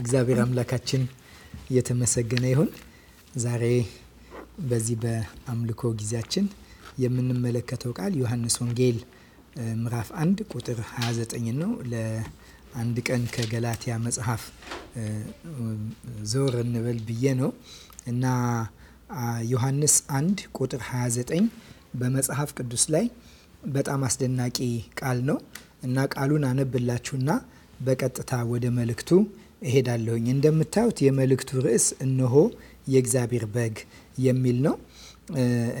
እግዚአብሔር አምላካችን እየተመሰገነ ይሁን። ዛሬ በዚህ በአምልኮ ጊዜያችን የምንመለከተው ቃል ዮሐንስ ወንጌል ምዕራፍ 1 ቁጥር 29 ነው። ለአንድ ቀን ከገላትያ መጽሐፍ ዞር እንበል ብዬ ነው እና ዮሐንስ 1 ቁጥር 29 በመጽሐፍ ቅዱስ ላይ በጣም አስደናቂ ቃል ነው እና ቃሉን አነብላችሁና በቀጥታ ወደ መልእክቱ እሄዳለሁኝ። እንደምታዩት የመልእክቱ ርዕስ እነሆ የእግዚአብሔር በግ የሚል ነው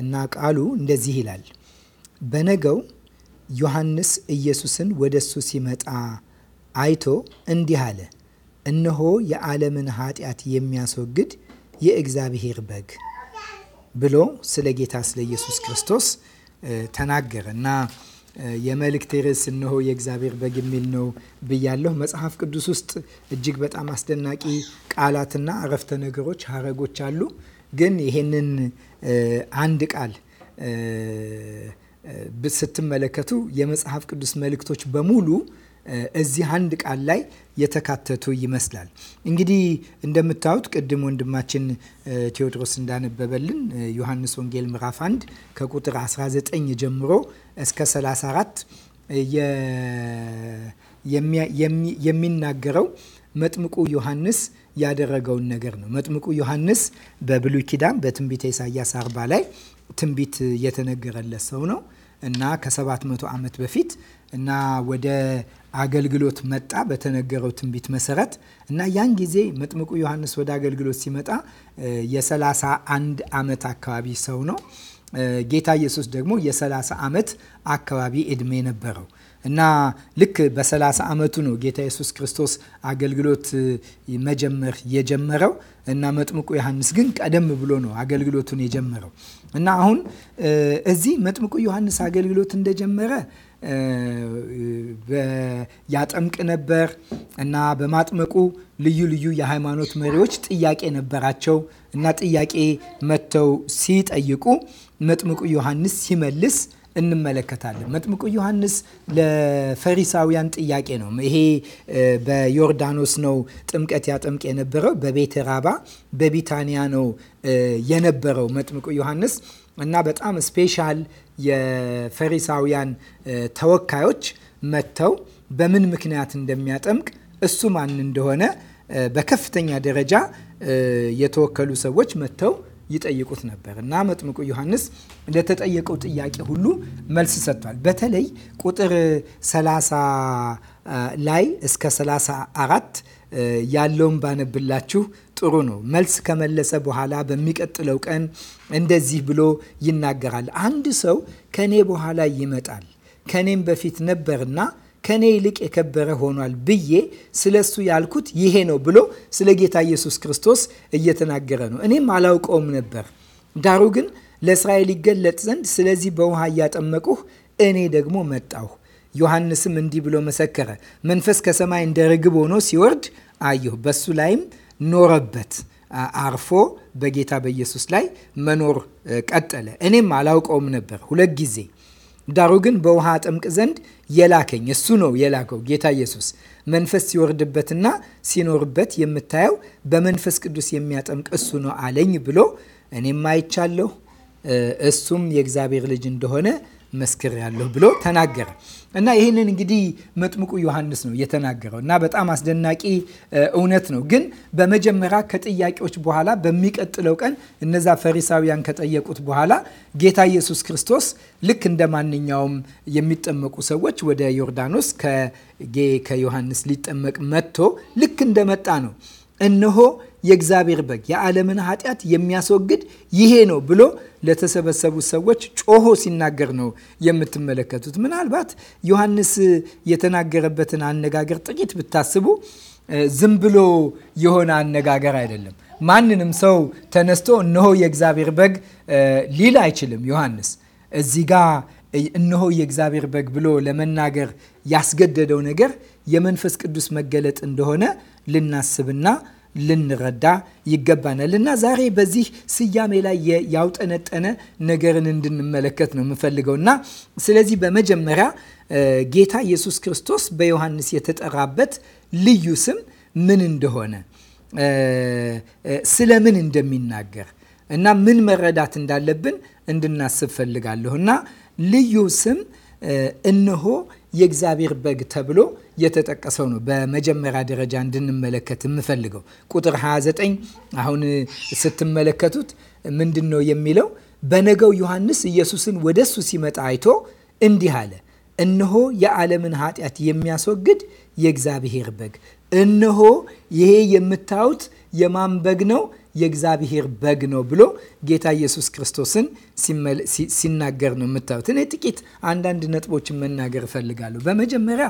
እና ቃሉ እንደዚህ ይላል። በነገው ዮሐንስ ኢየሱስን ወደ እሱ ሲመጣ አይቶ እንዲህ አለ፣ እነሆ የዓለምን ኃጢአት የሚያስወግድ የእግዚአብሔር በግ ብሎ ስለ ጌታ ስለ ኢየሱስ ክርስቶስ ተናገረ እና የመልእክቴ ርዕስ እነሆ የእግዚአብሔር በግ የሚል ነው ብያለሁ። መጽሐፍ ቅዱስ ውስጥ እጅግ በጣም አስደናቂ ቃላትና አረፍተ ነገሮች፣ ሀረጎች አሉ። ግን ይሄንን አንድ ቃል ስትመለከቱ የመጽሐፍ ቅዱስ መልእክቶች በሙሉ እዚህ አንድ ቃል ላይ የተካተቱ ይመስላል። እንግዲህ እንደምታዩት ቅድም ወንድማችን ቴዎድሮስ እንዳነበበልን ዮሐንስ ወንጌል ምዕራፍ 1 ከቁጥር 19 ጀምሮ እስከ 34 የሚናገረው መጥምቁ ዮሐንስ ያደረገውን ነገር ነው። መጥምቁ ዮሐንስ በብሉይ ኪዳን በትንቢተ ኢሳያስ 40 ላይ ትንቢት የተነገረለት ሰው ነው እና ከ700 ዓመት በፊት እና ወደ አገልግሎት መጣ በተነገረው ትንቢት መሰረት እና ያን ጊዜ መጥምቁ ዮሐንስ ወደ አገልግሎት ሲመጣ የ31 ዓመት አካባቢ ሰው ነው ጌታ ኢየሱስ ደግሞ የ30 ዓመት አካባቢ እድሜ ነበረው እና ልክ በ30 ዓመቱ ነው ጌታ ኢየሱስ ክርስቶስ አገልግሎት መጀመር የጀመረው እና መጥምቁ ዮሐንስ ግን ቀደም ብሎ ነው አገልግሎቱን የጀመረው እና አሁን እዚህ መጥምቁ ዮሐንስ አገልግሎት እንደጀመረ ያጠምቅ ነበር እና በማጥመቁ ልዩ ልዩ የሃይማኖት መሪዎች ጥያቄ ነበራቸው እና ጥያቄ መጥተው ሲጠይቁ መጥምቁ ዮሐንስ ሲመልስ እንመለከታለን። መጥምቁ ዮሐንስ ለፈሪሳውያን ጥያቄ ነው። ይሄ በዮርዳኖስ ነው ጥምቀት ያጠምቅ የነበረው በቤተ ራባ በቢታንያ ነው የነበረው መጥምቁ ዮሐንስ እና በጣም ስፔሻል የፈሪሳውያን ተወካዮች መጥተው በምን ምክንያት እንደሚያጠምቅ እሱ ማን እንደሆነ በከፍተኛ ደረጃ የተወከሉ ሰዎች መጥተው ይጠይቁት ነበር እና መጥምቁ ዮሐንስ ለተጠየቀው ጥያቄ ሁሉ መልስ ሰጥቷል። በተለይ ቁጥር 30 ላይ እስከ 34 ያለውን ባነብላችሁ ጥሩ ነው። መልስ ከመለሰ በኋላ በሚቀጥለው ቀን እንደዚህ ብሎ ይናገራል። አንድ ሰው ከኔ በኋላ ይመጣል ከኔም በፊት ነበርና ከእኔ ይልቅ የከበረ ሆኗል ብዬ ስለ እሱ ያልኩት ይሄ ነው ብሎ ስለ ጌታ ኢየሱስ ክርስቶስ እየተናገረ ነው። እኔም አላውቀውም ነበር፣ ዳሩ ግን ለእስራኤል ይገለጥ ዘንድ ስለዚህ በውሃ እያጠመቁህ እኔ ደግሞ መጣሁ። ዮሐንስም እንዲህ ብሎ መሰከረ፣ መንፈስ ከሰማይ እንደ ርግብ ሆኖ ሲወርድ አየሁ፣ በሱ ላይም ኖረበት አርፎ በጌታ በኢየሱስ ላይ መኖር ቀጠለ። እኔም አላውቀውም ነበር ሁለት ጊዜ ዳሩ ግን በውሃ አጠምቅ ዘንድ የላከኝ እሱ ነው የላከው ጌታ ኢየሱስ መንፈስ ሲወርድበትና ሲኖርበት የምታየው በመንፈስ ቅዱስ የሚያጠምቅ እሱ ነው አለኝ ብሎ እኔም አይቻለሁ እሱም የእግዚአብሔር ልጅ እንደሆነ መስክር ያለሁ ብሎ ተናገረ እና ይህንን እንግዲህ መጥምቁ ዮሐንስ ነው የተናገረው እና በጣም አስደናቂ እውነት ነው። ግን በመጀመሪያ ከጥያቄዎች በኋላ በሚቀጥለው ቀን እነዛ ፈሪሳውያን ከጠየቁት በኋላ ጌታ ኢየሱስ ክርስቶስ ልክ እንደ ማንኛውም የሚጠመቁ ሰዎች ወደ ዮርዳኖስ ከጌ ከዮሐንስ ሊጠመቅ መጥቶ ልክ እንደመጣ ነው እነሆ የእግዚአብሔር በግ የዓለምን ኃጢአት የሚያስወግድ ይሄ ነው ብሎ ለተሰበሰቡ ሰዎች ጮሆ ሲናገር ነው የምትመለከቱት። ምናልባት ዮሐንስ የተናገረበትን አነጋገር ጥቂት ብታስቡ ዝም ብሎ የሆነ አነጋገር አይደለም። ማንንም ሰው ተነስቶ እነሆ የእግዚአብሔር በግ ሊል አይችልም። ዮሐንስ እዚህ ጋ እነሆ የእግዚአብሔር በግ ብሎ ለመናገር ያስገደደው ነገር የመንፈስ ቅዱስ መገለጥ እንደሆነ ልናስብና ልንረዳ ይገባናል እና ዛሬ በዚህ ስያሜ ላይ ያውጠነጠነ ነገርን እንድንመለከት ነው የምፈልገው እና ስለዚህ በመጀመሪያ ጌታ ኢየሱስ ክርስቶስ በዮሐንስ የተጠራበት ልዩ ስም ምን እንደሆነ ስለ ምን እንደሚናገር እና ምን መረዳት እንዳለብን እንድናስብ ፈልጋለሁ እና ልዩ ስም እነሆ የእግዚአብሔር በግ ተብሎ የተጠቀሰው ነው። በመጀመሪያ ደረጃ እንድንመለከት የምፈልገው ቁጥር 29 አሁን ስትመለከቱት ምንድን ነው የሚለው? በነገው ዮሐንስ ኢየሱስን ወደ እሱ ሲመጣ አይቶ እንዲህ አለ፣ እነሆ የዓለምን ኃጢአት የሚያስወግድ የእግዚአብሔር በግ፣ እነሆ ይሄ የምታዩት የማን በግ ነው? የእግዚአብሔር በግ ነው ብሎ ጌታ ኢየሱስ ክርስቶስን ሲናገር ነው የምታዩት። እኔ ጥቂት አንዳንድ ነጥቦችን መናገር እፈልጋለሁ። በመጀመሪያ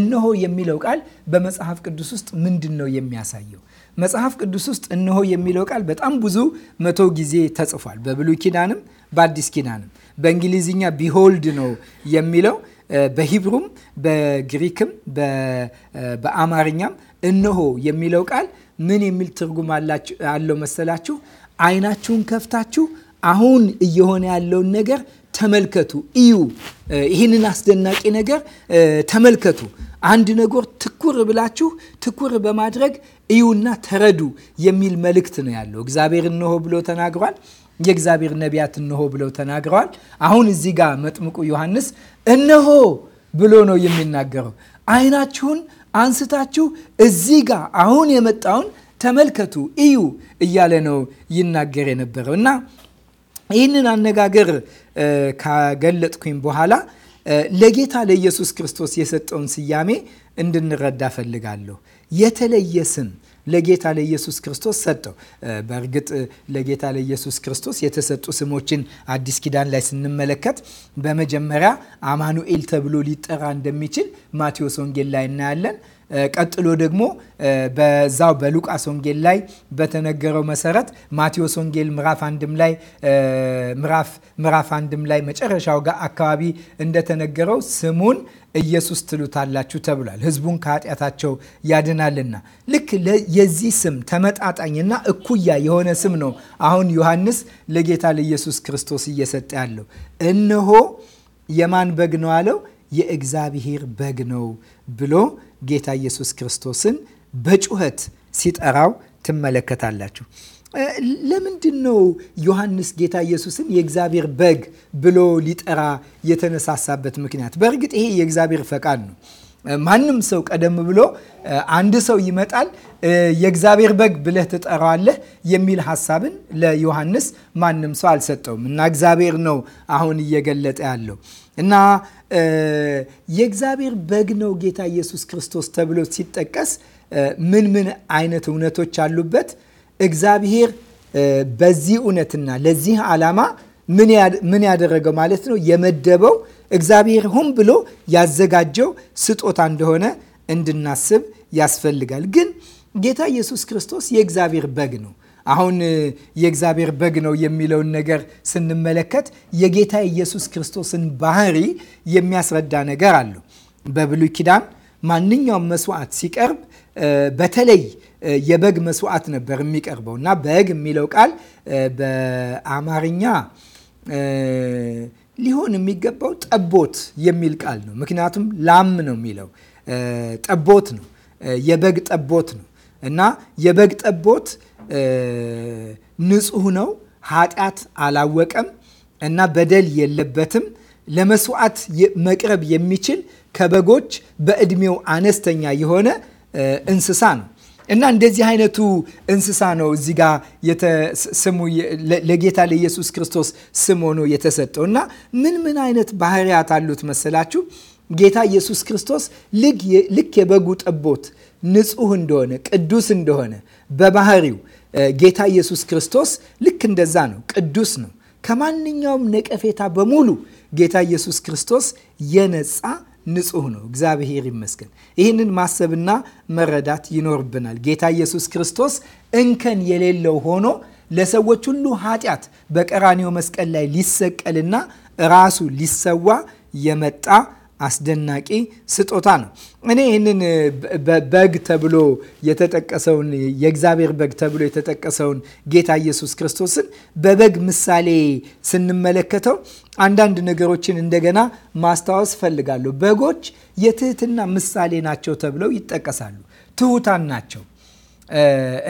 እነሆ የሚለው ቃል በመጽሐፍ ቅዱስ ውስጥ ምንድን ነው የሚያሳየው? መጽሐፍ ቅዱስ ውስጥ እነሆ የሚለው ቃል በጣም ብዙ መቶ ጊዜ ተጽፏል። በብሉይ ኪዳንም በአዲስ ኪዳንም በእንግሊዝኛ ቢሆልድ ነው የሚለው በሂብሩም በግሪክም በአማርኛም እነሆ የሚለው ቃል ምን የሚል ትርጉም አለው መሰላችሁ? አይናችሁን ከፍታችሁ አሁን እየሆነ ያለውን ነገር ተመልከቱ፣ እዩ። ይህንን አስደናቂ ነገር ተመልከቱ። አንድ ነገር ትኩር ብላችሁ ትኩር በማድረግ እዩና ተረዱ የሚል መልእክት ነው ያለው። እግዚአብሔር እነሆ ብሎ ተናግሯል። የእግዚአብሔር ነቢያት እነሆ ብለው ተናግረዋል። አሁን እዚህ ጋር መጥምቁ ዮሐንስ እነሆ ብሎ ነው የሚናገረው። አይናችሁን አንስታችሁ እዚህ ጋር አሁን የመጣውን ተመልከቱ፣ እዩ እያለ ነው ይናገር የነበረው እና ይህንን አነጋገር ካገለጥኩኝ በኋላ ለጌታ ለኢየሱስ ክርስቶስ የሰጠውን ስያሜ እንድንረዳ ፈልጋለሁ። የተለየ ስም ለጌታ ለኢየሱስ ክርስቶስ ሰጠው። በእርግጥ ለጌታ ለኢየሱስ ክርስቶስ የተሰጡ ስሞችን አዲስ ኪዳን ላይ ስንመለከት በመጀመሪያ አማኑኤል ተብሎ ሊጠራ እንደሚችል ማቴዎስ ወንጌል ላይ እናያለን። ቀጥሎ ደግሞ በዛው በሉቃስ ወንጌል ላይ በተነገረው መሰረት ማቴዎስ ወንጌል ምዕራፍ አንድም ላይ ምዕራፍ አንድም ላይ መጨረሻው ጋር አካባቢ እንደተነገረው ስሙን ኢየሱስ ትሉታላችሁ ተብሏል። ሕዝቡን ከኃጢአታቸው ያድናልና ልክ የዚህ ስም ተመጣጣኝና እኩያ የሆነ ስም ነው አሁን ዮሐንስ ለጌታ ለኢየሱስ ክርስቶስ እየሰጠ ያለው። እነሆ የማን በግ ነው አለው? የእግዚአብሔር በግ ነው ብሎ ጌታ ኢየሱስ ክርስቶስን በጩኸት ሲጠራው ትመለከታላችሁ። ለምንድን ነው ዮሐንስ ጌታ ኢየሱስን የእግዚአብሔር በግ ብሎ ሊጠራ የተነሳሳበት ምክንያት? በእርግጥ ይሄ የእግዚአብሔር ፈቃድ ነው። ማንም ሰው ቀደም ብሎ አንድ ሰው ይመጣል የእግዚአብሔር በግ ብለህ ትጠራዋለህ የሚል ሀሳብን ለዮሐንስ ማንም ሰው አልሰጠውም እና እግዚአብሔር ነው አሁን እየገለጠ ያለው እና የእግዚአብሔር በግ ነው ጌታ ኢየሱስ ክርስቶስ ተብሎ ሲጠቀስ ምን ምን አይነት እውነቶች አሉበት? እግዚአብሔር በዚህ እውነትና ለዚህ ዓላማ ምን ያደረገው ማለት ነው የመደበው እግዚአብሔር ሆን ብሎ ያዘጋጀው ስጦታ እንደሆነ እንድናስብ ያስፈልጋል። ግን ጌታ ኢየሱስ ክርስቶስ የእግዚአብሔር በግ ነው። አሁን የእግዚአብሔር በግ ነው የሚለውን ነገር ስንመለከት የጌታ ኢየሱስ ክርስቶስን ባህሪ የሚያስረዳ ነገር አለው። በብሉይ ኪዳን ማንኛውም መስዋዕት ሲቀርብ በተለይ የበግ መስዋዕት ነበር የሚቀርበው እና በግ የሚለው ቃል በአማርኛ ሊሆን የሚገባው ጠቦት የሚል ቃል ነው። ምክንያቱም ላም ነው የሚለው ጠቦት ነው፣ የበግ ጠቦት ነው እና የበግ ጠቦት ንጹህ ነው፣ ኃጢአት አላወቀም እና በደል የለበትም። ለመስዋዕት መቅረብ የሚችል ከበጎች በእድሜው አነስተኛ የሆነ እንስሳ ነው። እና እንደዚህ አይነቱ እንስሳ ነው እዚህ ጋ ስሙ ለጌታ ለኢየሱስ ክርስቶስ ስም ሆኖ የተሰጠው። እና ምን ምን አይነት ባህሪያት አሉት መሰላችሁ? ጌታ ኢየሱስ ክርስቶስ ልክ የበጉ ጠቦት ንጹህ እንደሆነ ቅዱስ እንደሆነ በባህሪው ጌታ ኢየሱስ ክርስቶስ ልክ እንደዛ ነው። ቅዱስ ነው። ከማንኛውም ነቀፌታ በሙሉ ጌታ ኢየሱስ ክርስቶስ የነፃ ንጹህ ነው። እግዚአብሔር ይመስገን። ይህንን ማሰብና መረዳት ይኖርብናል። ጌታ ኢየሱስ ክርስቶስ እንከን የሌለው ሆኖ ለሰዎች ሁሉ ኃጢአት በቀራኒው መስቀል ላይ ሊሰቀልና ራሱ ሊሰዋ የመጣ አስደናቂ ስጦታ ነው። እኔ ይህንን በግ ተብሎ የተጠቀሰውን የእግዚአብሔር በግ ተብሎ የተጠቀሰውን ጌታ ኢየሱስ ክርስቶስን በበግ ምሳሌ ስንመለከተው አንዳንድ ነገሮችን እንደገና ማስታወስ ፈልጋለሁ በጎች የትህትና ምሳሌ ናቸው ተብለው ይጠቀሳሉ። ትሑታን ናቸው።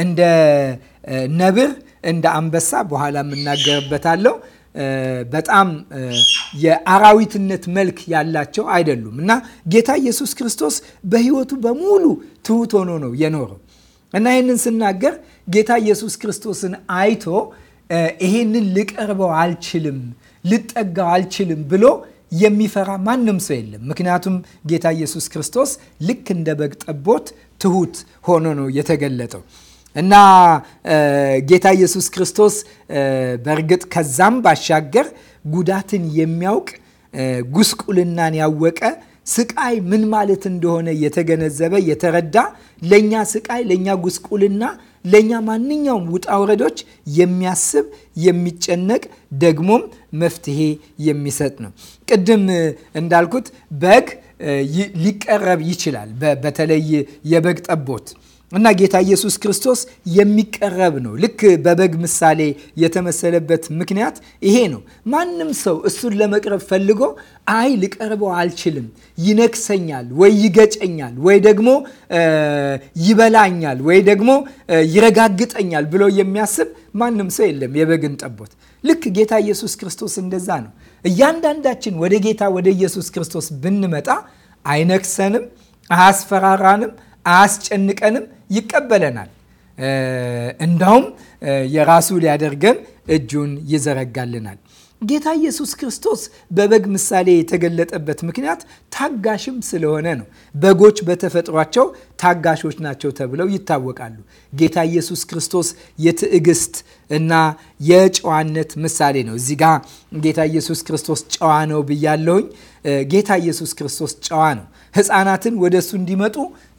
እንደ ነብር፣ እንደ አንበሳ በኋላ የምናገርበታለው በጣም የአራዊትነት መልክ ያላቸው አይደሉም እና ጌታ ኢየሱስ ክርስቶስ በህይወቱ በሙሉ ትሑት ሆኖ ነው የኖረው እና ይህንን ስናገር ጌታ ኢየሱስ ክርስቶስን አይቶ ይሄንን ልቀርበው አልችልም፣ ልጠጋው አልችልም ብሎ የሚፈራ ማንም ሰው የለም። ምክንያቱም ጌታ ኢየሱስ ክርስቶስ ልክ እንደ በግ ጠቦት ትሑት ሆኖ ነው የተገለጠው። እና ጌታ ኢየሱስ ክርስቶስ በእርግጥ ከዛም ባሻገር ጉዳትን የሚያውቅ ጉስቁልናን ያወቀ ስቃይ ምን ማለት እንደሆነ የተገነዘበ የተረዳ ለእኛ ስቃይ፣ ለእኛ ጉስቁልና፣ ለእኛ ማንኛውም ውጣ ውረዶች የሚያስብ የሚጨነቅ ደግሞም መፍትሄ የሚሰጥ ነው። ቅድም እንዳልኩት በግ ሊቀረብ ይችላል። በተለይ የበግ ጠቦት እና ጌታ ኢየሱስ ክርስቶስ የሚቀረብ ነው። ልክ በበግ ምሳሌ የተመሰለበት ምክንያት ይሄ ነው። ማንም ሰው እሱን ለመቅረብ ፈልጎ አይ ልቀርበው አልችልም፣ ይነክሰኛል፣ ወይ ይገጨኛል፣ ወይ ደግሞ ይበላኛል፣ ወይ ደግሞ ይረጋግጠኛል ብሎ የሚያስብ ማንም ሰው የለም። የበግን ጠቦት ልክ ጌታ ኢየሱስ ክርስቶስ እንደዛ ነው። እያንዳንዳችን ወደ ጌታ ወደ ኢየሱስ ክርስቶስ ብንመጣ አይነክሰንም፣ አያስፈራራንም፣ አያስጨንቀንም ይቀበለናል። እንዳውም የራሱ ሊያደርገን እጁን ይዘረጋልናል። ጌታ ኢየሱስ ክርስቶስ በበግ ምሳሌ የተገለጠበት ምክንያት ታጋሽም ስለሆነ ነው። በጎች በተፈጥሯቸው ታጋሾች ናቸው ተብለው ይታወቃሉ። ጌታ ኢየሱስ ክርስቶስ የትዕግስት እና የጨዋነት ምሳሌ ነው። እዚህ ጋ ጌታ ኢየሱስ ክርስቶስ ጨዋ ነው ብያለሁኝ። ጌታ ኢየሱስ ክርስቶስ ጨዋ ነው። ህፃናትን ወደ እሱ እንዲመጡ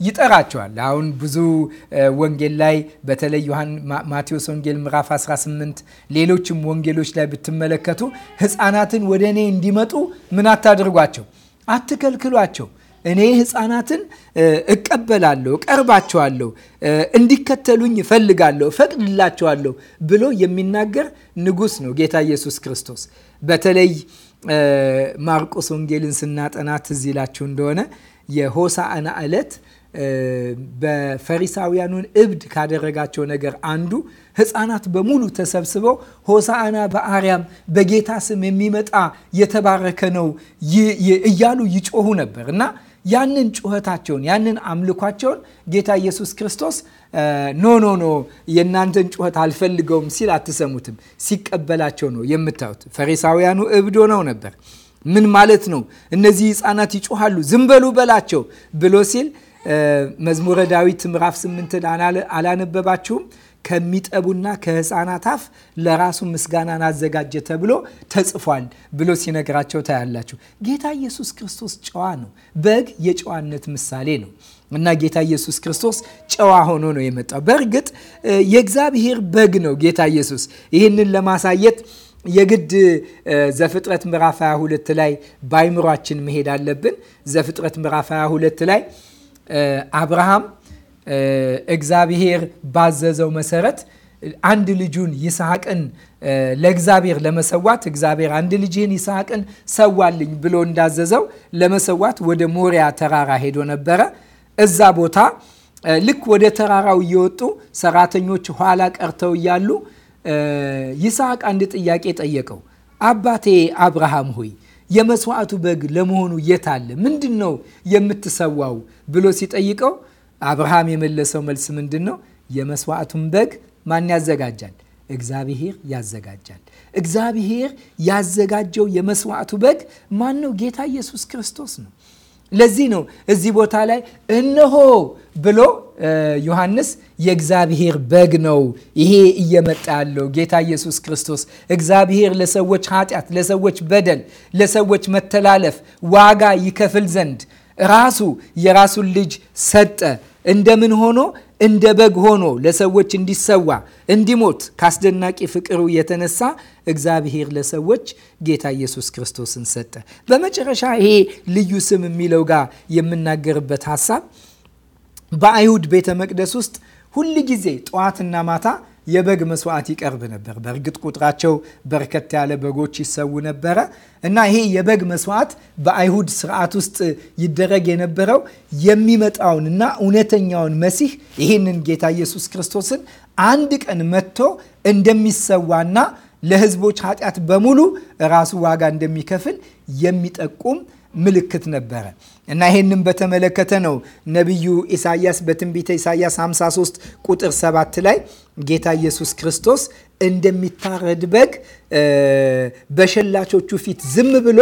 ይጠራቸዋል። አሁን ብዙ ወንጌል ላይ በተለይ ማቴዎስ ወንጌል ምዕራፍ 18 ሌሎችም ወንጌሎች ላይ ብትመለከቱ ህፃናትን ወደ እኔ እንዲመጡ ምን አታድርጓቸው፣ አትከልክሏቸው። እኔ ህፃናትን እቀበላለሁ፣ እቀርባቸዋለሁ፣ እንዲከተሉኝ እፈልጋለሁ፣ እፈቅድላቸዋለሁ ብሎ የሚናገር ንጉስ ነው ጌታ ኢየሱስ ክርስቶስ በተለይ ማርቆስ ወንጌልን ስናጠና ትዝ ይላችሁ እንደሆነ የሆሳዕና ዕለት በፈሪሳውያኑን እብድ ካደረጋቸው ነገር አንዱ ሕፃናት በሙሉ ተሰብስበው ሆሳዕና በአርያም በጌታ ስም የሚመጣ የተባረከ ነው እያሉ ይጮሁ ነበር እና ያንን ጩኸታቸውን ያንን አምልኳቸውን ጌታ ኢየሱስ ክርስቶስ ኖ ኖ ኖ የእናንተን ጩኸት አልፈልገውም ሲል አትሰሙትም። ሲቀበላቸው ነው የምታዩት። ፈሪሳውያኑ እብዶ ነው ነበር። ምን ማለት ነው? እነዚህ ህፃናት ይጮሃሉ፣ ዝም በሉ በላቸው ብሎ ሲል መዝሙረ ዳዊት ምዕራፍ ስምንትን አላነበባችሁም? ከሚጠቡና ከህፃናት አፍ ለራሱ ምስጋናን አዘጋጀ ተብሎ ተጽፏል ብሎ ሲነግራቸው ታያላችሁ። ጌታ ኢየሱስ ክርስቶስ ጨዋ ነው። በግ የጨዋነት ምሳሌ ነው እና ጌታ ኢየሱስ ክርስቶስ ጨዋ ሆኖ ነው የመጣው። በእርግጥ የእግዚአብሔር በግ ነው ጌታ ኢየሱስ። ይህንን ለማሳየት የግድ ዘፍጥረት ምዕራፍ 22 ላይ በአይምሯችን መሄድ አለብን። ዘፍጥረት ምዕራፍ 22 ላይ አብርሃም እግዚአብሔር ባዘዘው መሰረት አንድ ልጁን ይስሐቅን ለእግዚአብሔር ለመሰዋት እግዚአብሔር አንድ ልጅህን ይስሐቅን ሰዋልኝ ብሎ እንዳዘዘው ለመሰዋት ወደ ሞሪያ ተራራ ሄዶ ነበረ። እዛ ቦታ ልክ ወደ ተራራው እየወጡ ሰራተኞች ኋላ ቀርተው እያሉ ይስሐቅ አንድ ጥያቄ ጠየቀው። አባቴ አብርሃም ሆይ የመስዋዕቱ በግ ለመሆኑ የት አለ? ምንድን ነው የምትሰዋው ብሎ ሲጠይቀው አብርሃም የመለሰው መልስ ምንድን ነው? የመስዋዕቱን በግ ማን ያዘጋጃል? እግዚአብሔር ያዘጋጃል። እግዚአብሔር ያዘጋጀው የመስዋዕቱ በግ ማን ነው? ጌታ ኢየሱስ ክርስቶስ ነው። ለዚህ ነው እዚህ ቦታ ላይ እነሆ ብሎ ዮሐንስ የእግዚአብሔር በግ ነው ይሄ እየመጣ ያለው ጌታ ኢየሱስ ክርስቶስ። እግዚአብሔር ለሰዎች ኃጢአት፣ ለሰዎች በደል፣ ለሰዎች መተላለፍ ዋጋ ይከፍል ዘንድ ራሱ የራሱን ልጅ ሰጠ። እንደምን ሆኖ እንደ በግ ሆኖ ለሰዎች እንዲሰዋ እንዲሞት ከአስደናቂ ፍቅሩ የተነሳ እግዚአብሔር ለሰዎች ጌታ ኢየሱስ ክርስቶስን ሰጠ። በመጨረሻ ይሄ ልዩ ስም የሚለው ጋር የምናገርበት ሀሳብ በአይሁድ ቤተ መቅደስ ውስጥ ሁል ጊዜ ጠዋትና ማታ የበግ መስዋዕት ይቀርብ ነበር። በእርግጥ ቁጥራቸው በርከት ያለ በጎች ይሰዉ ነበረ እና ይሄ የበግ መስዋዕት በአይሁድ ስርዓት ውስጥ ይደረግ የነበረው የሚመጣውን እና እውነተኛውን መሲህ ይህንን ጌታ ኢየሱስ ክርስቶስን አንድ ቀን መጥቶ እንደሚሰዋና ለህዝቦች ኃጢአት በሙሉ ራሱ ዋጋ እንደሚከፍል የሚጠቁም ምልክት ነበረ እና ይህንም በተመለከተ ነው ነቢዩ ኢሳያስ በትንቢተ ኢሳያስ 53 ቁጥር 7 ላይ ጌታ ኢየሱስ ክርስቶስ እንደሚታረድ በግ በሸላቾቹ ፊት ዝም ብሎ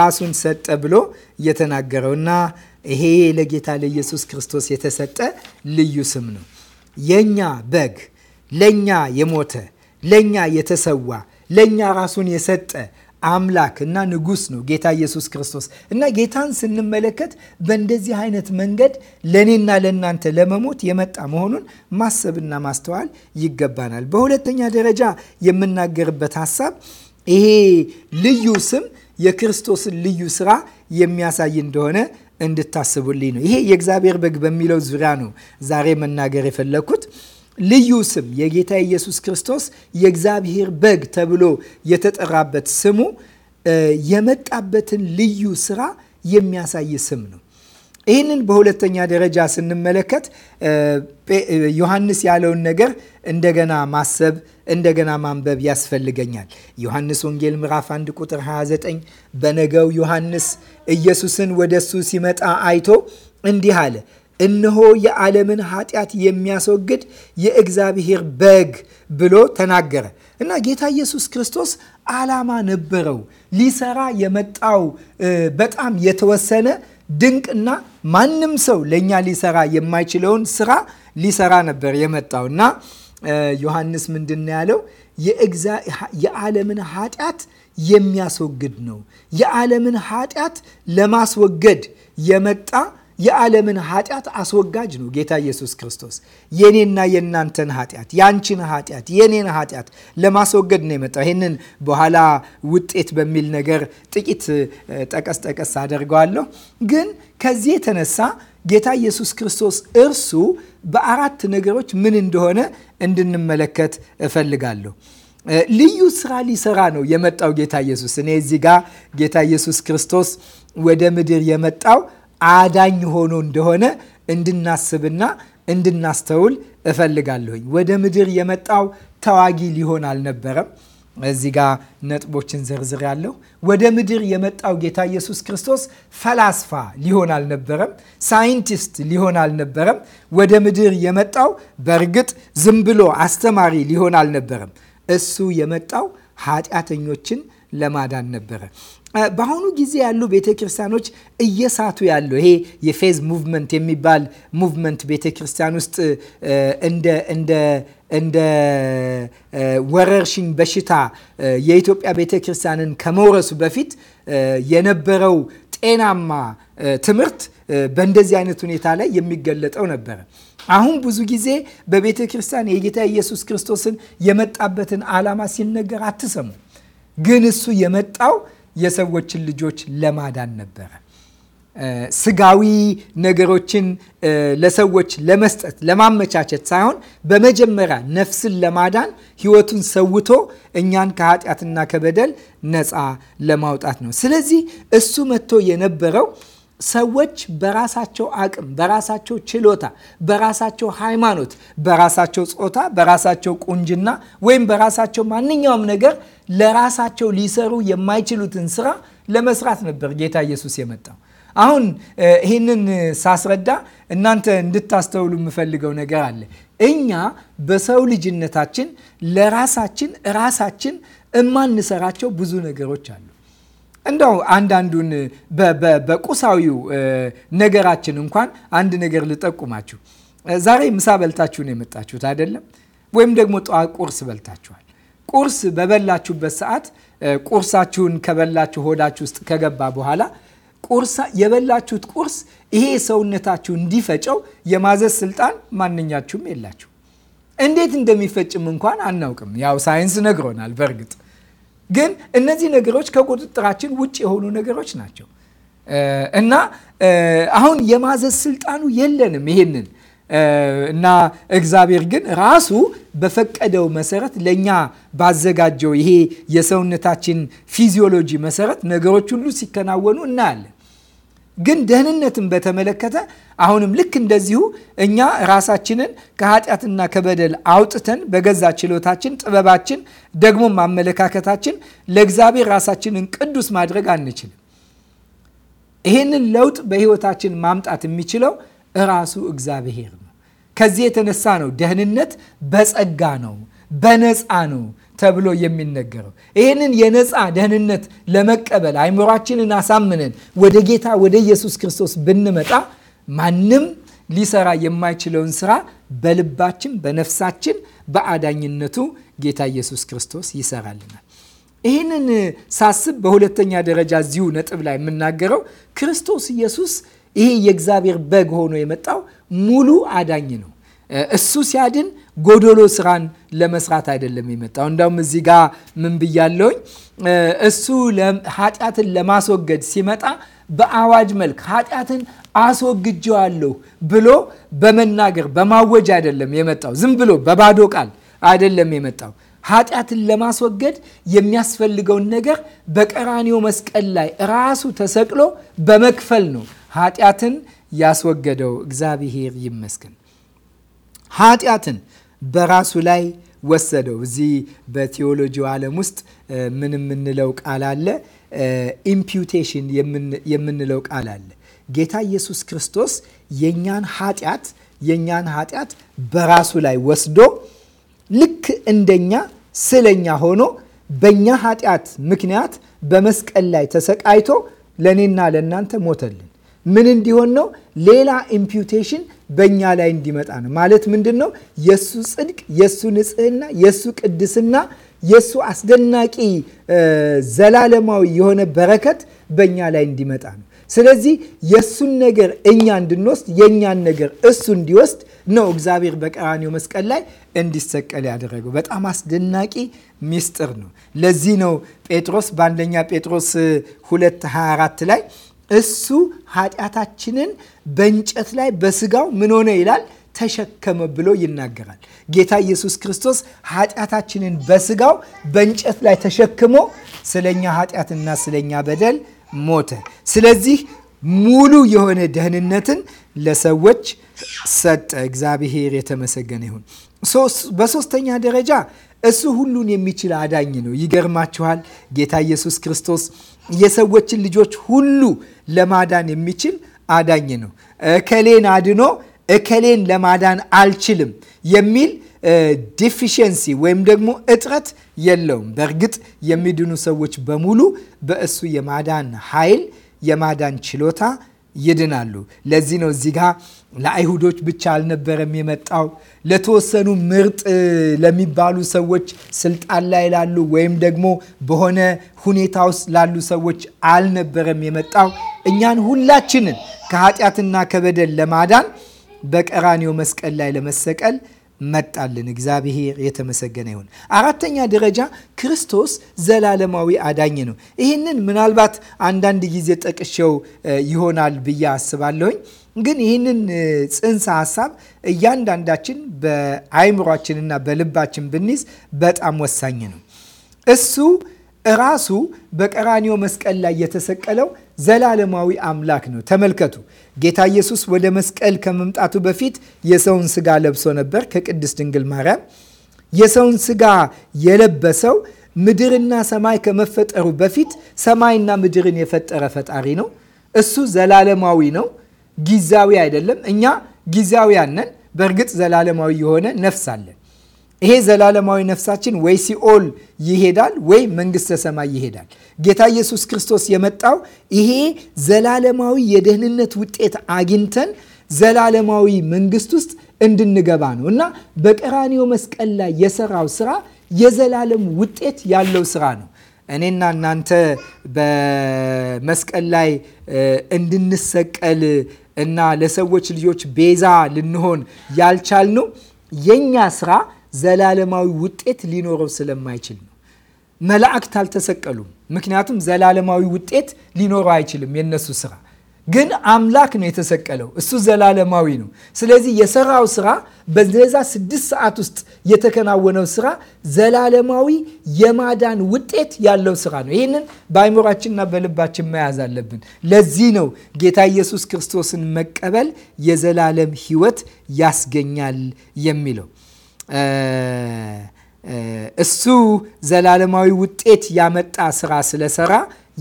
ራሱን ሰጠ ብሎ የተናገረው እና ይሄ ለጌታ ለኢየሱስ ክርስቶስ የተሰጠ ልዩ ስም ነው። የእኛ በግ ለእኛ የሞተ ለእኛ የተሰዋ ለእኛ ራሱን የሰጠ አምላክ እና ንጉስ ነው ጌታ ኢየሱስ ክርስቶስ እና ጌታን ስንመለከት በእንደዚህ አይነት መንገድ ለእኔና ለእናንተ ለመሞት የመጣ መሆኑን ማሰብና ማስተዋል ይገባናል። በሁለተኛ ደረጃ የምናገርበት ሀሳብ ይሄ ልዩ ስም የክርስቶስን ልዩ ስራ የሚያሳይ እንደሆነ እንድታስቡልኝ ነው። ይሄ የእግዚአብሔር በግ በሚለው ዙሪያ ነው ዛሬ መናገር የፈለግኩት። ልዩ ስም የጌታ ኢየሱስ ክርስቶስ የእግዚአብሔር በግ ተብሎ የተጠራበት ስሙ የመጣበትን ልዩ ስራ የሚያሳይ ስም ነው። ይህንን በሁለተኛ ደረጃ ስንመለከት ዮሐንስ ያለውን ነገር እንደገና ማሰብ እንደገና ማንበብ ያስፈልገኛል። ዮሐንስ ወንጌል ምዕራፍ 1 ቁጥር 29 በነገው ዮሐንስ ኢየሱስን ወደ እሱ ሲመጣ አይቶ እንዲህ አለ፣ እነሆ የዓለምን ኃጢአት የሚያስወግድ የእግዚአብሔር በግ ብሎ ተናገረ እና ጌታ ኢየሱስ ክርስቶስ ዓላማ ነበረው። ሊሰራ የመጣው በጣም የተወሰነ ድንቅና ማንም ሰው ለእኛ ሊሰራ የማይችለውን ስራ ሊሰራ ነበር የመጣው እና ዮሐንስ ምንድን ያለው? የዓለምን ኃጢአት የሚያስወግድ ነው። የዓለምን ኃጢአት ለማስወገድ የመጣ የዓለምን ኃጢአት አስወጋጅ ነው ጌታ ኢየሱስ ክርስቶስ። የኔና የእናንተን ኃጢአት፣ ያንቺን ኃጢአት፣ የኔን ኃጢአት ለማስወገድ ነው የመጣው። ይህንን በኋላ ውጤት በሚል ነገር ጥቂት ጠቀስ ጠቀስ አደርገዋለሁ። ግን ከዚህ የተነሳ ጌታ ኢየሱስ ክርስቶስ እርሱ በአራት ነገሮች ምን እንደሆነ እንድንመለከት እፈልጋለሁ። ልዩ ስራ ሊሰራ ነው የመጣው ጌታ ኢየሱስ። እኔ እዚህ ጋር ጌታ ኢየሱስ ክርስቶስ ወደ ምድር የመጣው አዳኝ ሆኖ እንደሆነ እንድናስብና እንድናስተውል እፈልጋለሁኝ። ወደ ምድር የመጣው ተዋጊ ሊሆን አልነበረም። እዚህ ጋር ነጥቦችን ዘርዝር ያለሁ። ወደ ምድር የመጣው ጌታ ኢየሱስ ክርስቶስ ፈላስፋ ሊሆን አልነበረም። ሳይንቲስት ሊሆን አልነበረም። ወደ ምድር የመጣው በእርግጥ ዝም ብሎ አስተማሪ ሊሆን አልነበረም። እሱ የመጣው ኃጢአተኞችን ለማዳን ነበረ። በአሁኑ ጊዜ ያሉ ቤተ ክርስቲያኖች እየሳቱ ያለው ይሄ የፌዝ ሙቭመንት የሚባል ሙቭመንት ቤተ ክርስቲያን ውስጥ እንደ እንደ እንደ ወረርሽኝ በሽታ የኢትዮጵያ ቤተ ክርስቲያንን ከመውረሱ በፊት የነበረው ጤናማ ትምህርት በእንደዚህ አይነት ሁኔታ ላይ የሚገለጠው ነበረ። አሁን ብዙ ጊዜ በቤተ ክርስቲያን የጌታ ኢየሱስ ክርስቶስን የመጣበትን ዓላማ ሲነገር አትሰሙ። ግን እሱ የመጣው የሰዎችን ልጆች ለማዳን ነበረ። ስጋዊ ነገሮችን ለሰዎች ለመስጠት ለማመቻቸት ሳይሆን በመጀመሪያ ነፍስን ለማዳን ሕይወቱን ሰውቶ እኛን ከኃጢአትና ከበደል ነፃ ለማውጣት ነው። ስለዚህ እሱ መጥቶ የነበረው ሰዎች በራሳቸው አቅም፣ በራሳቸው ችሎታ፣ በራሳቸው ሃይማኖት፣ በራሳቸው ጾታ፣ በራሳቸው ቁንጅና ወይም በራሳቸው ማንኛውም ነገር ለራሳቸው ሊሰሩ የማይችሉትን ስራ ለመስራት ነበር ጌታ ኢየሱስ የመጣው። አሁን ይህንን ሳስረዳ እናንተ እንድታስተውሉ የምፈልገው ነገር አለ። እኛ በሰው ልጅነታችን ለራሳችን ራሳችን እማንሰራቸው ብዙ ነገሮች አሉ። እንደው አንዳንዱን በቁሳዊው ነገራችን እንኳን አንድ ነገር ልጠቁማችሁ። ዛሬ ምሳ በልታችሁ ነው የመጣችሁት አይደለም? ወይም ደግሞ ጠዋት ቁርስ በልታችኋል። ቁርስ በበላችሁበት ሰዓት ቁርሳችሁን ከበላችሁ ሆዳችሁ ውስጥ ከገባ በኋላ ቁርስ የበላችሁት ቁርስ ይሄ ሰውነታችሁ እንዲፈጨው የማዘዝ ስልጣን ማንኛችሁም የላችሁ። እንዴት እንደሚፈጭም እንኳን አናውቅም። ያው ሳይንስ ነግሮናል በእርግጥ ግን እነዚህ ነገሮች ከቁጥጥራችን ውጭ የሆኑ ነገሮች ናቸው እና አሁን የማዘዝ ስልጣኑ የለንም ይሄንን እና እግዚአብሔር ግን ራሱ በፈቀደው መሰረት ለእኛ ባዘጋጀው ይሄ የሰውነታችን ፊዚዮሎጂ መሰረት ነገሮች ሁሉ ሲከናወኑ እናያለን። ግን ደህንነትን በተመለከተ አሁንም ልክ እንደዚሁ እኛ ራሳችንን ከኃጢአትና ከበደል አውጥተን በገዛ ችሎታችን፣ ጥበባችን፣ ደግሞ አመለካከታችን ለእግዚአብሔር ራሳችንን ቅዱስ ማድረግ አንችልም። ይህንን ለውጥ በህይወታችን ማምጣት የሚችለው እራሱ እግዚአብሔር ነው። ከዚህ የተነሳ ነው ደህንነት በጸጋ ነው፣ በነፃ ነው፣ ተብሎ የሚነገረው ይህንን የነፃ ደህንነት ለመቀበል አይምሯችንን አሳምነን ወደ ጌታ ወደ ኢየሱስ ክርስቶስ ብንመጣ ማንም ሊሰራ የማይችለውን ስራ በልባችን፣ በነፍሳችን፣ በአዳኝነቱ ጌታ ኢየሱስ ክርስቶስ ይሰራልናል። ይህንን ሳስብ በሁለተኛ ደረጃ እዚሁ ነጥብ ላይ የምናገረው ክርስቶስ ኢየሱስ ይሄ የእግዚአብሔር በግ ሆኖ የመጣው ሙሉ አዳኝ ነው። እሱ ሲያድን ጎዶሎ ስራን ለመስራት አይደለም የመጣው። እንዳውም እዚህ ጋ ምን ብያለውኝ? እሱ ኃጢአትን ለማስወገድ ሲመጣ በአዋጅ መልክ ኃጢአትን አስወግጀዋለሁ ብሎ በመናገር በማወጅ አይደለም የመጣው። ዝም ብሎ በባዶ ቃል አይደለም የመጣው። ኃጢአትን ለማስወገድ የሚያስፈልገውን ነገር በቀራኒው መስቀል ላይ ራሱ ተሰቅሎ በመክፈል ነው ኃጢአትን ያስወገደው። እግዚአብሔር ይመስገን። ኃጢአትን በራሱ ላይ ወሰደው። እዚህ በቴዎሎጂው ዓለም ውስጥ ምን የምንለው ቃል አለ? ኢምፒውቴሽን የምንለው ቃል አለ። ጌታ ኢየሱስ ክርስቶስ የእኛን ኃጢአት የእኛን ኃጢአት በራሱ ላይ ወስዶ ልክ እንደኛ ስለኛ ሆኖ በእኛ ኃጢአት ምክንያት በመስቀል ላይ ተሰቃይቶ ለእኔና ለእናንተ ሞተልን። ምን እንዲሆን ነው? ሌላ ኢምፒውቴሽን በእኛ ላይ እንዲመጣ ነው። ማለት ምንድን ነው? የእሱ ጽድቅ፣ የእሱ ንጽህና፣ የእሱ ቅድስና፣ የእሱ አስደናቂ ዘላለማዊ የሆነ በረከት በእኛ ላይ እንዲመጣ ነው። ስለዚህ የእሱን ነገር እኛ እንድንወስድ የእኛን ነገር እሱ እንዲወስድ ነው እግዚአብሔር በቀራኒው መስቀል ላይ እንዲሰቀል ያደረገው። በጣም አስደናቂ ሚስጥር ነው። ለዚህ ነው ጴጥሮስ በአንደኛ ጴጥሮስ 2 24 ላይ እሱ ኃጢአታችንን በእንጨት ላይ በስጋው ምን ሆነ ይላል ተሸከመ ብሎ ይናገራል። ጌታ ኢየሱስ ክርስቶስ ኃጢአታችንን በስጋው በእንጨት ላይ ተሸክሞ ስለኛ ኃጢአትና ስለኛ በደል ሞተ። ስለዚህ ሙሉ የሆነ ደህንነትን ለሰዎች ሰጠ። እግዚአብሔር የተመሰገነ ይሁን። በሶስተኛ ደረጃ እሱ ሁሉን የሚችል አዳኝ ነው። ይገርማችኋል ጌታ ኢየሱስ ክርስቶስ የሰዎችን ልጆች ሁሉ ለማዳን የሚችል አዳኝ ነው። እከሌን አድኖ እከሌን ለማዳን አልችልም የሚል ዲፊሽንሲ ወይም ደግሞ እጥረት የለውም። በእርግጥ የሚድኑ ሰዎች በሙሉ በእሱ የማዳን ኃይል የማዳን ችሎታ ይድናሉ። ለዚህ ነው እዚህ ጋር ለአይሁዶች ብቻ አልነበረም የመጣው ለተወሰኑ ምርጥ ለሚባሉ ሰዎች፣ ስልጣን ላይ ላሉ ወይም ደግሞ በሆነ ሁኔታ ውስጥ ላሉ ሰዎች አልነበረም የመጣው እኛን ሁላችንን ከኃጢአትና ከበደል ለማዳን በቀራኔው መስቀል ላይ ለመሰቀል መጣልን። እግዚአብሔር የተመሰገነ ይሁን። አራተኛ ደረጃ ክርስቶስ ዘላለማዊ አዳኝ ነው። ይህንን ምናልባት አንዳንድ ጊዜ ጠቅሼው ይሆናል ብዬ አስባለሁኝ። ግን ይህንን ጽንሰ ሀሳብ እያንዳንዳችን በአይምሯችንና በልባችን ብንይዝ በጣም ወሳኝ ነው። እሱ ራሱ በቀራኒዮ መስቀል ላይ የተሰቀለው ዘላለማዊ አምላክ ነው። ተመልከቱ፣ ጌታ ኢየሱስ ወደ መስቀል ከመምጣቱ በፊት የሰውን ስጋ ለብሶ ነበር ከቅድስት ድንግል ማርያም። የሰውን ስጋ የለበሰው ምድርና ሰማይ ከመፈጠሩ በፊት ሰማይና ምድርን የፈጠረ ፈጣሪ ነው። እሱ ዘላለማዊ ነው፣ ጊዜያዊ አይደለም። እኛ ጊዜያውያን ያነን። በእርግጥ ዘላለማዊ የሆነ ነፍስ አለን ይሄ ዘላለማዊ ነፍሳችን ወይ ሲኦል ይሄዳል ወይ መንግስተ ሰማይ ይሄዳል። ጌታ ኢየሱስ ክርስቶስ የመጣው ይሄ ዘላለማዊ የደህንነት ውጤት አግኝተን ዘላለማዊ መንግስት ውስጥ እንድንገባ ነው እና በቀራኒዮ መስቀል ላይ የሰራው ስራ የዘላለም ውጤት ያለው ስራ ነው። እኔና እናንተ በመስቀል ላይ እንድንሰቀል እና ለሰዎች ልጆች ቤዛ ልንሆን ያልቻልነው የኛ ስራ ዘላለማዊ ውጤት ሊኖረው ስለማይችል ነው። መላእክት አልተሰቀሉም፣ ምክንያቱም ዘላለማዊ ውጤት ሊኖረው አይችልም የነሱ ስራ። ግን አምላክ ነው የተሰቀለው፣ እሱ ዘላለማዊ ነው። ስለዚህ የሰራው ስራ በዛ ስድስት ሰዓት ውስጥ የተከናወነው ስራ ዘላለማዊ የማዳን ውጤት ያለው ስራ ነው። ይህንን በአይምሯችንና በልባችን መያዝ አለብን። ለዚህ ነው ጌታ ኢየሱስ ክርስቶስን መቀበል የዘላለም ሕይወት ያስገኛል የሚለው እሱ ዘላለማዊ ውጤት ያመጣ ስራ ስለሰራ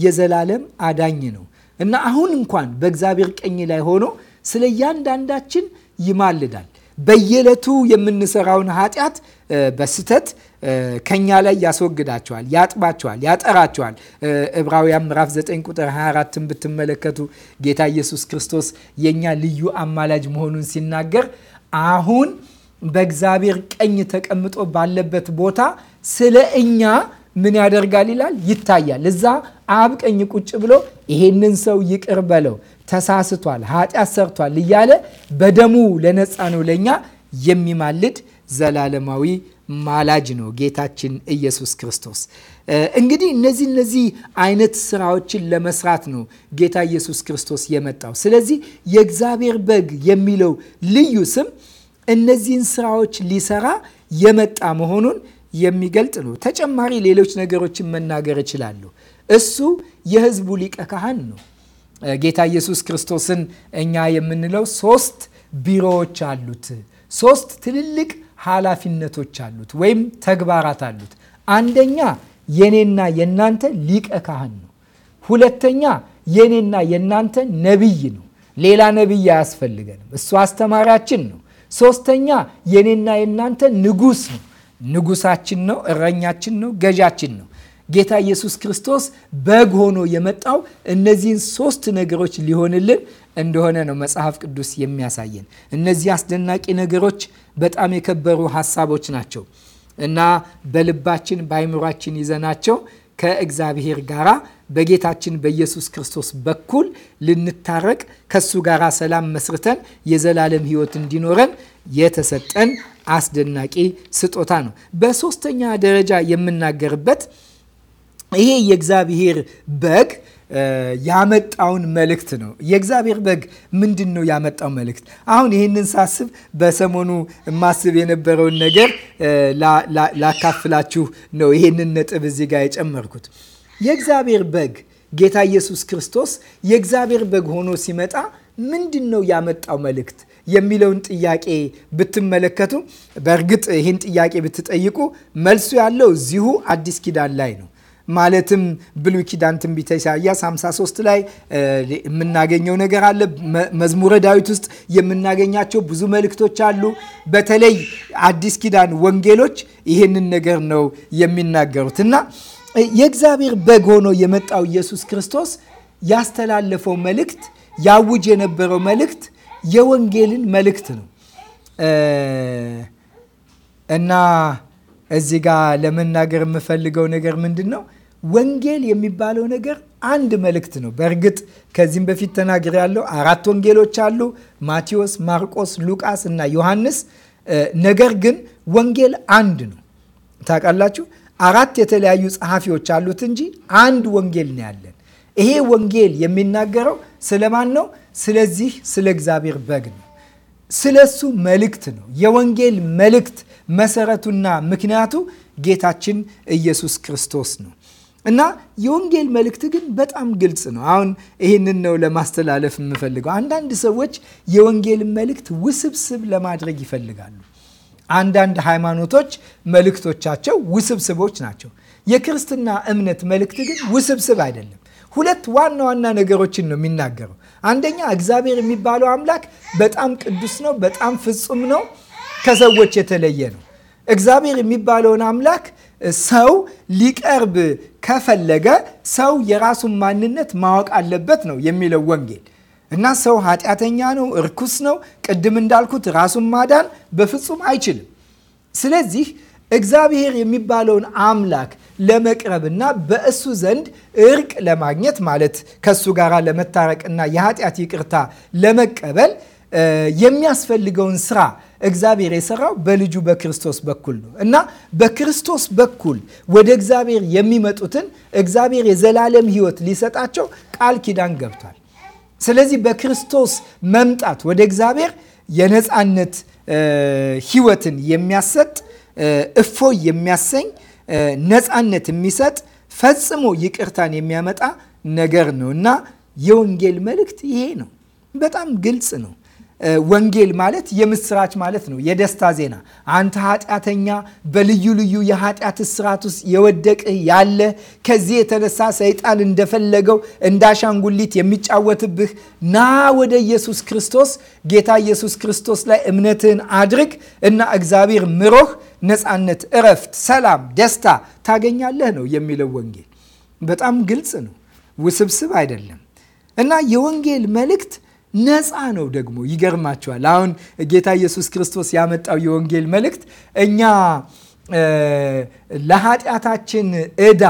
የዘላለም አዳኝ ነው እና አሁን እንኳን በእግዚአብሔር ቀኝ ላይ ሆኖ ስለ እያንዳንዳችን ይማልዳል። በየዕለቱ የምንሰራውን ኃጢአት በስተት ከኛ ላይ ያስወግዳቸዋል፣ ያጥባቸዋል፣ ያጠራቸዋል። ዕብራውያን ምዕራፍ 9 ቁጥር 24ን ብትመለከቱ ጌታ ኢየሱስ ክርስቶስ የእኛ ልዩ አማላጅ መሆኑን ሲናገር አሁን በእግዚአብሔር ቀኝ ተቀምጦ ባለበት ቦታ ስለ እኛ ምን ያደርጋል ይላል፣ ይታያል። እዛ አብ ቀኝ ቁጭ ብሎ ይሄንን ሰው ይቅር በለው ተሳስቷል፣ ኃጢአት ሰርቷል እያለ በደሙ ለነፃ ነው ለእኛ የሚማልድ ዘላለማዊ ማላጅ ነው ጌታችን ኢየሱስ ክርስቶስ። እንግዲህ እነዚህ እነዚህ አይነት ስራዎችን ለመስራት ነው ጌታ ኢየሱስ ክርስቶስ የመጣው። ስለዚህ የእግዚአብሔር በግ የሚለው ልዩ ስም እነዚህን ስራዎች ሊሰራ የመጣ መሆኑን የሚገልጥ ነው። ተጨማሪ ሌሎች ነገሮችን መናገር እችላለሁ። እሱ የህዝቡ ሊቀ ካህን ነው። ጌታ ኢየሱስ ክርስቶስን እኛ የምንለው ሶስት ቢሮዎች አሉት። ሶስት ትልልቅ ኃላፊነቶች አሉት ወይም ተግባራት አሉት። አንደኛ የኔና የናንተ ሊቀ ካህን ነው። ሁለተኛ የኔና የናንተ ነቢይ ነው። ሌላ ነቢይ አያስፈልገንም። እሱ አስተማሪያችን ነው። ሶስተኛ የኔና የናንተ ንጉስ ነው። ንጉሳችን ነው፣ እረኛችን ነው፣ ገዣችን ነው። ጌታ ኢየሱስ ክርስቶስ በግ ሆኖ የመጣው እነዚህን ሶስት ነገሮች ሊሆንልን እንደሆነ ነው መጽሐፍ ቅዱስ የሚያሳየን። እነዚህ አስደናቂ ነገሮች በጣም የከበሩ ሀሳቦች ናቸው እና በልባችን በአይምሯችን ይዘናቸው ከእግዚአብሔር ጋራ በጌታችን በኢየሱስ ክርስቶስ በኩል ልንታረቅ ከሱ ጋር ሰላም መስርተን የዘላለም ሕይወት እንዲኖረን የተሰጠን አስደናቂ ስጦታ ነው። በሶስተኛ ደረጃ የምናገርበት ይሄ የእግዚአብሔር በግ ያመጣውን መልእክት ነው። የእግዚአብሔር በግ ምንድን ነው ያመጣው መልእክት? አሁን ይህንን ሳስብ በሰሞኑ ማስብ የነበረውን ነገር ላካፍላችሁ ነው ይህንን ነጥብ እዚህ ጋር የጨመርኩት። የእግዚአብሔር በግ ጌታ ኢየሱስ ክርስቶስ የእግዚአብሔር በግ ሆኖ ሲመጣ ምንድን ነው ያመጣው መልእክት የሚለውን ጥያቄ ብትመለከቱ፣ በእርግጥ ይህን ጥያቄ ብትጠይቁ መልሱ ያለው እዚሁ አዲስ ኪዳን ላይ ነው። ማለትም ብሉይ ኪዳን ትንቢተ ኢሳያስ 53 ላይ የምናገኘው ነገር አለ። መዝሙረ ዳዊት ውስጥ የምናገኛቸው ብዙ መልእክቶች አሉ። በተለይ አዲስ ኪዳን ወንጌሎች ይህንን ነገር ነው የሚናገሩት እና የእግዚአብሔር በግ ሆኖ የመጣው ኢየሱስ ክርስቶስ ያስተላለፈው መልእክት ያውጅ የነበረው መልእክት የወንጌልን መልእክት ነው እና እዚህ ጋር ለመናገር የምፈልገው ነገር ምንድን ነው? ወንጌል የሚባለው ነገር አንድ መልእክት ነው። በእርግጥ ከዚህም በፊት ተናግር ያለው አራት ወንጌሎች አሉ፣ ማቴዎስ፣ ማርቆስ፣ ሉቃስ እና ዮሐንስ። ነገር ግን ወንጌል አንድ ነው። ታውቃላችሁ፣ አራት የተለያዩ ጸሐፊዎች አሉት እንጂ አንድ ወንጌል ነው ያለን። ይሄ ወንጌል የሚናገረው ስለማን ነው? ስለዚህ ስለ እግዚአብሔር በግ ነው። ስለ እሱ መልእክት ነው። የወንጌል መልእክት መሰረቱና ምክንያቱ ጌታችን ኢየሱስ ክርስቶስ ነው እና የወንጌል መልእክት ግን በጣም ግልጽ ነው። አሁን ይህንን ነው ለማስተላለፍ የምፈልገው። አንዳንድ ሰዎች የወንጌል መልእክት ውስብስብ ለማድረግ ይፈልጋሉ። አንዳንድ ሃይማኖቶች መልእክቶቻቸው ውስብስቦች ናቸው። የክርስትና እምነት መልእክት ግን ውስብስብ አይደለም። ሁለት ዋና ዋና ነገሮችን ነው የሚናገረው። አንደኛ እግዚአብሔር የሚባለው አምላክ በጣም ቅዱስ ነው፣ በጣም ፍጹም ነው ከሰዎች የተለየ ነው። እግዚአብሔር የሚባለውን አምላክ ሰው ሊቀርብ ከፈለገ ሰው የራሱን ማንነት ማወቅ አለበት ነው የሚለው ወንጌል። እና ሰው ኃጢአተኛ ነው፣ እርኩስ ነው። ቅድም እንዳልኩት ራሱን ማዳን በፍጹም አይችልም። ስለዚህ እግዚአብሔር የሚባለውን አምላክ ለመቅረብና በእሱ ዘንድ እርቅ ለማግኘት ማለት ከእሱ ጋር ለመታረቅና የኃጢአት ይቅርታ ለመቀበል የሚያስፈልገውን ስራ እግዚአብሔር የሰራው በልጁ በክርስቶስ በኩል ነው እና በክርስቶስ በኩል ወደ እግዚአብሔር የሚመጡትን እግዚአብሔር የዘላለም ሕይወት ሊሰጣቸው ቃል ኪዳን ገብቷል። ስለዚህ በክርስቶስ መምጣት ወደ እግዚአብሔር የነፃነት ሕይወትን የሚያሰጥ እፎይ የሚያሰኝ ነፃነት የሚሰጥ ፈጽሞ ይቅርታን የሚያመጣ ነገር ነው እና የወንጌል መልእክት ይሄ ነው። በጣም ግልጽ ነው። ወንጌል ማለት የምስራች ማለት ነው። የደስታ ዜና አንተ ኃጢአተኛ፣ በልዩ ልዩ የኃጢአት እስራት ውስጥ የወደቅህ ያለ ከዚህ የተነሳ ሰይጣን እንደፈለገው እንዳሻንጉሊት የሚጫወትብህ ና ወደ ኢየሱስ ክርስቶስ ጌታ ኢየሱስ ክርስቶስ ላይ እምነትህን አድርግ እና እግዚአብሔር ምሮህ ነፃነት፣ እረፍት፣ ሰላም፣ ደስታ ታገኛለህ ነው የሚለው ወንጌል። በጣም ግልጽ ነው፣ ውስብስብ አይደለም እና የወንጌል መልእክት ነፃ ነው ደግሞ ይገርማቸዋል። አሁን ጌታ ኢየሱስ ክርስቶስ ያመጣው የወንጌል መልእክት እኛ ለኃጢአታችን እዳ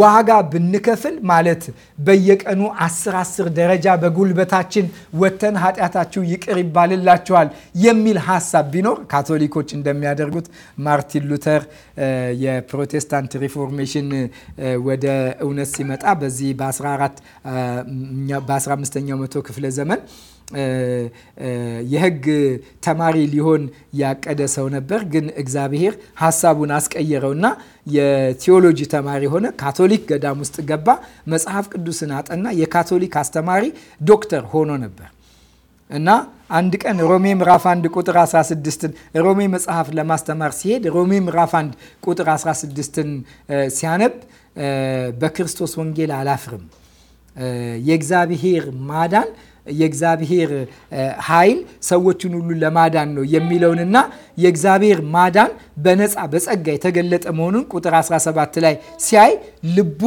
ዋጋ ብንከፍል ማለት በየቀኑ አስር አስር ደረጃ በጉልበታችን ወጥተን ኃጢአታችሁ ይቅር ይባልላችኋል የሚል ሀሳብ ቢኖር ካቶሊኮች እንደሚያደርጉት ማርቲን ሉተር የፕሮቴስታንት ሪፎርሜሽን ወደ እውነት ሲመጣ በዚህ በ15ኛው መቶ ክፍለ ዘመን የህግ ተማሪ ሊሆን ያቀደ ሰው ነበር፣ ግን እግዚአብሔር ሀሳቡን አስቀየረውና የቴዎሎጂ ተማሪ ሆነ። ካቶሊክ ገዳም ውስጥ ገባ። መጽሐፍ ቅዱስን አጠና። የካቶሊክ አስተማሪ ዶክተር ሆኖ ነበር እና አንድ ቀን ሮሜ ምዕራፍ 1 ቁጥር 16ን ሮሜ መጽሐፍ ለማስተማር ሲሄድ ሮሜ ምዕራፍ 1 ቁጥር 16ን ሲያነብ በክርስቶስ ወንጌል አላፍርም የእግዚአብሔር ማዳን የእግዚአብሔር ኃይል ሰዎችን ሁሉ ለማዳን ነው የሚለውንና የእግዚአብሔር ማዳን በነፃ በጸጋ የተገለጠ መሆኑን ቁጥር 17 ላይ ሲያይ ልቡ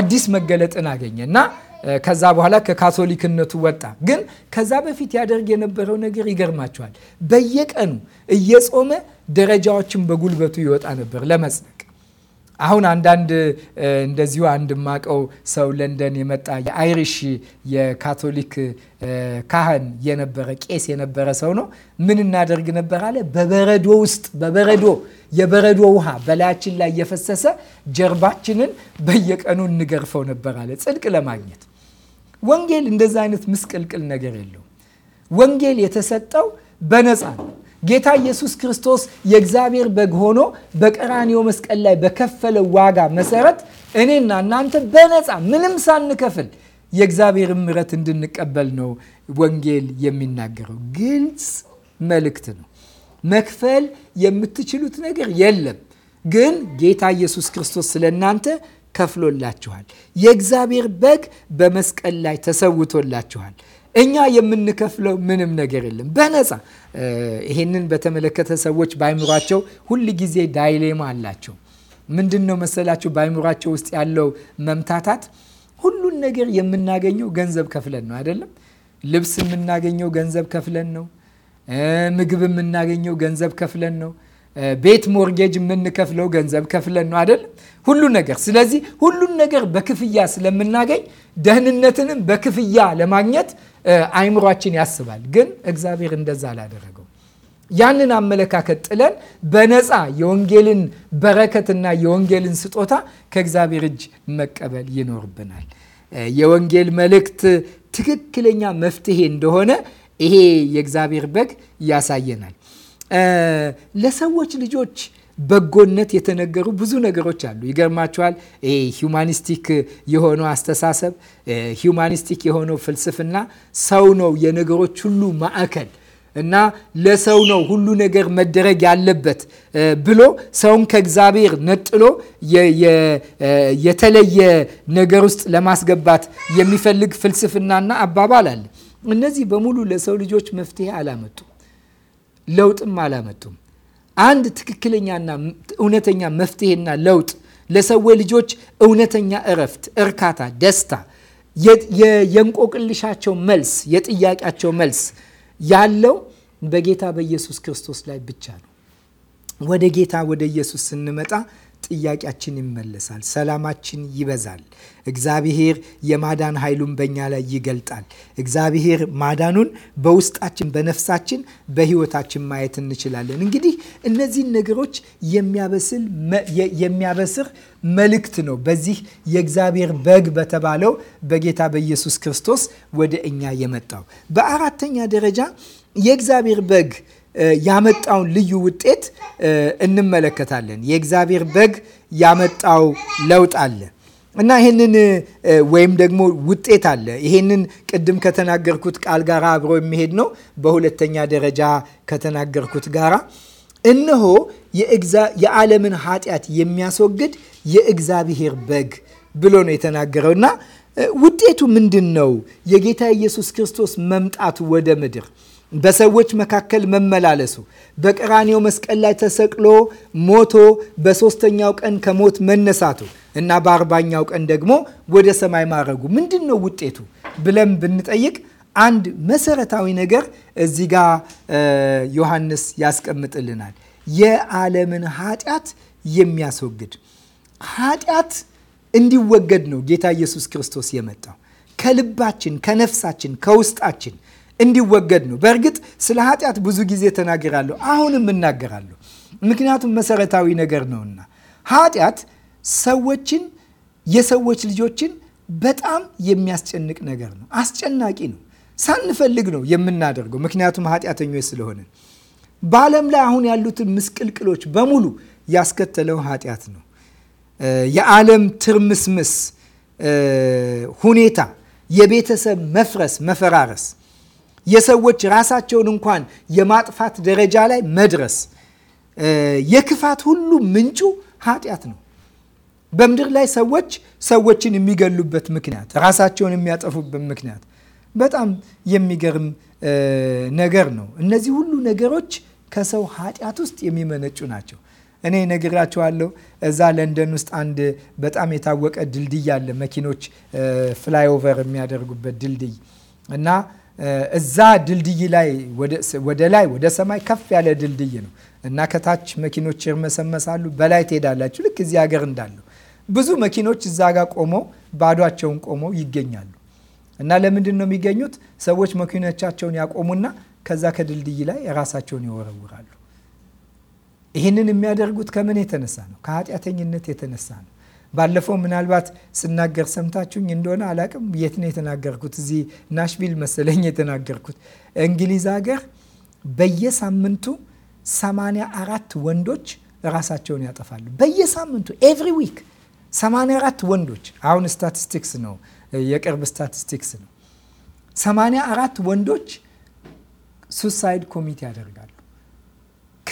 አዲስ መገለጥን አገኘ እና ከዛ በኋላ ከካቶሊክነቱ ወጣ። ግን ከዛ በፊት ያደርግ የነበረው ነገር ይገርማቸዋል። በየቀኑ እየጾመ ደረጃዎችን በጉልበቱ ይወጣ ነበር ለመጽነ አሁን አንዳንድ እንደዚሁ አንድ ማቀው ሰው ለንደን የመጣ የአይሪሽ የካቶሊክ ካህን የነበረ ቄስ የነበረ ሰው ነው። ምን እናደርግ ነበር አለ። በበረዶ ውስጥ በበረዶ የበረዶ ውሃ በላያችን ላይ የፈሰሰ ጀርባችንን በየቀኑ እንገርፈው ነበር አለ፣ ጽድቅ ለማግኘት። ወንጌል እንደዛ አይነት ምስቅልቅል ነገር የለውም። ወንጌል የተሰጠው በነፃ ነው። ጌታ ኢየሱስ ክርስቶስ የእግዚአብሔር በግ ሆኖ በቀራኒዮ መስቀል ላይ በከፈለው ዋጋ መሰረት እኔና እናንተ በነፃ ምንም ሳንከፍል የእግዚአብሔር ምረት እንድንቀበል ነው ወንጌል የሚናገረው። ግልጽ መልእክት ነው። መክፈል የምትችሉት ነገር የለም፣ ግን ጌታ ኢየሱስ ክርስቶስ ስለ እናንተ ከፍሎላችኋል። የእግዚአብሔር በግ በመስቀል ላይ ተሰውቶላችኋል። እኛ የምንከፍለው ምንም ነገር የለም፣ በነፃ። ይሄንን በተመለከተ ሰዎች ባይምሯቸው ሁል ጊዜ ዳይሌማ አላቸው። ምንድን ነው መሰላቸው ባይምሯቸው ውስጥ ያለው መምታታት? ሁሉን ነገር የምናገኘው ገንዘብ ከፍለን ነው አይደለም? ልብስ የምናገኘው ገንዘብ ከፍለን ነው። ምግብ የምናገኘው ገንዘብ ከፍለን ነው። ቤት ሞርጌጅ የምንከፍለው ገንዘብ ከፍለን ነው አይደለም? ሁሉ ነገር። ስለዚህ ሁሉን ነገር በክፍያ ስለምናገኝ ደህንነትንም በክፍያ ለማግኘት አይምሯችን ያስባል። ግን እግዚአብሔር እንደዛ አላደረገው። ያንን አመለካከት ጥለን በነፃ የወንጌልን በረከትና የወንጌልን ስጦታ ከእግዚአብሔር እጅ መቀበል ይኖርብናል። የወንጌል መልእክት ትክክለኛ መፍትሄ እንደሆነ ይሄ የእግዚአብሔር በግ ያሳየናል። ለሰዎች ልጆች በጎነት የተነገሩ ብዙ ነገሮች አሉ። ይገርማቸዋል ሂውማኒስቲክ የሆነው አስተሳሰብ፣ ሂውማኒስቲክ የሆነው ፍልስፍና ሰው ነው የነገሮች ሁሉ ማዕከል እና ለሰው ነው ሁሉ ነገር መደረግ ያለበት ብሎ ሰውን ከእግዚአብሔር ነጥሎ የተለየ ነገር ውስጥ ለማስገባት የሚፈልግ ፍልስፍናና አባባል አለ። እነዚህ በሙሉ ለሰው ልጆች መፍትሄ አላመጡም፣ ለውጥም አላመጡም። አንድ ትክክለኛና እውነተኛ መፍትሄና ለውጥ ለሰው ልጆች እውነተኛ እረፍት፣ እርካታ፣ ደስታ፣ የእንቆቅልሻቸው መልስ፣ የጥያቄያቸው መልስ ያለው በጌታ በኢየሱስ ክርስቶስ ላይ ብቻ ነው። ወደ ጌታ ወደ ኢየሱስ ስንመጣ ጥያቄያችን ይመለሳል፣ ሰላማችን ይበዛል። እግዚአብሔር የማዳን ኃይሉን በእኛ ላይ ይገልጣል። እግዚአብሔር ማዳኑን በውስጣችን፣ በነፍሳችን፣ በሕይወታችን ማየት እንችላለን። እንግዲህ እነዚህን ነገሮች የሚያበስር መልእክት ነው በዚህ የእግዚአብሔር በግ በተባለው በጌታ በኢየሱስ ክርስቶስ ወደ እኛ የመጣው። በአራተኛ ደረጃ የእግዚአብሔር በግ ያመጣውን ልዩ ውጤት እንመለከታለን። የእግዚአብሔር በግ ያመጣው ለውጥ አለ እና ይህንን ወይም ደግሞ ውጤት አለ። ይሄንን ቅድም ከተናገርኩት ቃል ጋር አብሮ የሚሄድ ነው። በሁለተኛ ደረጃ ከተናገርኩት ጋራ እነሆ የዓለምን ኃጢአት የሚያስወግድ የእግዚአብሔር በግ ብሎ ነው የተናገረው እና ውጤቱ ምንድን ነው? የጌታ ኢየሱስ ክርስቶስ መምጣቱ ወደ ምድር በሰዎች መካከል መመላለሱ በቀራኔው መስቀል ላይ ተሰቅሎ ሞቶ በሶስተኛው ቀን ከሞት መነሳቱ እና በአርባኛው ቀን ደግሞ ወደ ሰማይ ማረጉ ምንድን ነው ውጤቱ ብለን ብንጠይቅ አንድ መሰረታዊ ነገር እዚህ ጋ ዮሐንስ ያስቀምጥልናል። የዓለምን ኃጢአት የሚያስወግድ ኃጢአት እንዲወገድ ነው ጌታ ኢየሱስ ክርስቶስ የመጣው ከልባችን ከነፍሳችን ከውስጣችን እንዲወገድ ነው። በእርግጥ ስለ ኃጢአት ብዙ ጊዜ ተናግራለሁ፣ አሁንም እናገራለሁ። ምክንያቱም መሰረታዊ ነገር ነውና ኃጢአት ሰዎችን የሰዎች ልጆችን በጣም የሚያስጨንቅ ነገር ነው። አስጨናቂ ነው። ሳንፈልግ ነው የምናደርገው፣ ምክንያቱም ኃጢአተኞች ስለሆንን። በዓለም ላይ አሁን ያሉትን ምስቅልቅሎች በሙሉ ያስከተለው ኃጢአት ነው። የዓለም ትርምስምስ ሁኔታ፣ የቤተሰብ መፍረስ፣ መፈራረስ የሰዎች ራሳቸውን እንኳን የማጥፋት ደረጃ ላይ መድረስ የክፋት ሁሉ ምንጩ ኃጢአት ነው። በምድር ላይ ሰዎች ሰዎችን የሚገሉበት ምክንያት፣ ራሳቸውን የሚያጠፉበት ምክንያት በጣም የሚገርም ነገር ነው። እነዚህ ሁሉ ነገሮች ከሰው ኃጢአት ውስጥ የሚመነጩ ናቸው። እኔ ነግራችኋለሁ። እዛ ለንደን ውስጥ አንድ በጣም የታወቀ ድልድይ አለ፣ መኪኖች ፍላይኦቨር የሚያደርጉበት ድልድይ እና እዛ ድልድይ ላይ ወደ ላይ ወደ ሰማይ ከፍ ያለ ድልድይ ነው እና ከታች መኪኖች ይርመሰመሳሉ፣ በላይ ትሄዳላችሁ። ልክ እዚህ ሀገር እንዳለው ብዙ መኪኖች እዛ ጋር ቆመው ባዷቸውን ቆመው ይገኛሉ። እና ለምንድን ነው የሚገኙት? ሰዎች መኪኖቻቸውን ያቆሙና ከዛ ከድልድይ ላይ ራሳቸውን ይወረውራሉ። ይህንን የሚያደርጉት ከምን የተነሳ ነው? ከኃጢአተኝነት የተነሳ ነው። ባለፈው ምናልባት ስናገር ሰምታችሁኝ እንደሆነ አላቅም። የት ነው የተናገርኩት? እዚህ ናሽቪል መሰለኝ የተናገርኩት። እንግሊዝ ሀገር በየሳምንቱ 84 ወንዶች ራሳቸውን ያጠፋሉ። በየሳምንቱ ኤቭሪ ዊክ 84 ወንዶች። አሁን ስታቲስቲክስ ነው የቅርብ ስታቲስቲክስ ነው። 84 ወንዶች ሱሳይድ ኮሚቴ ያደርጋሉ።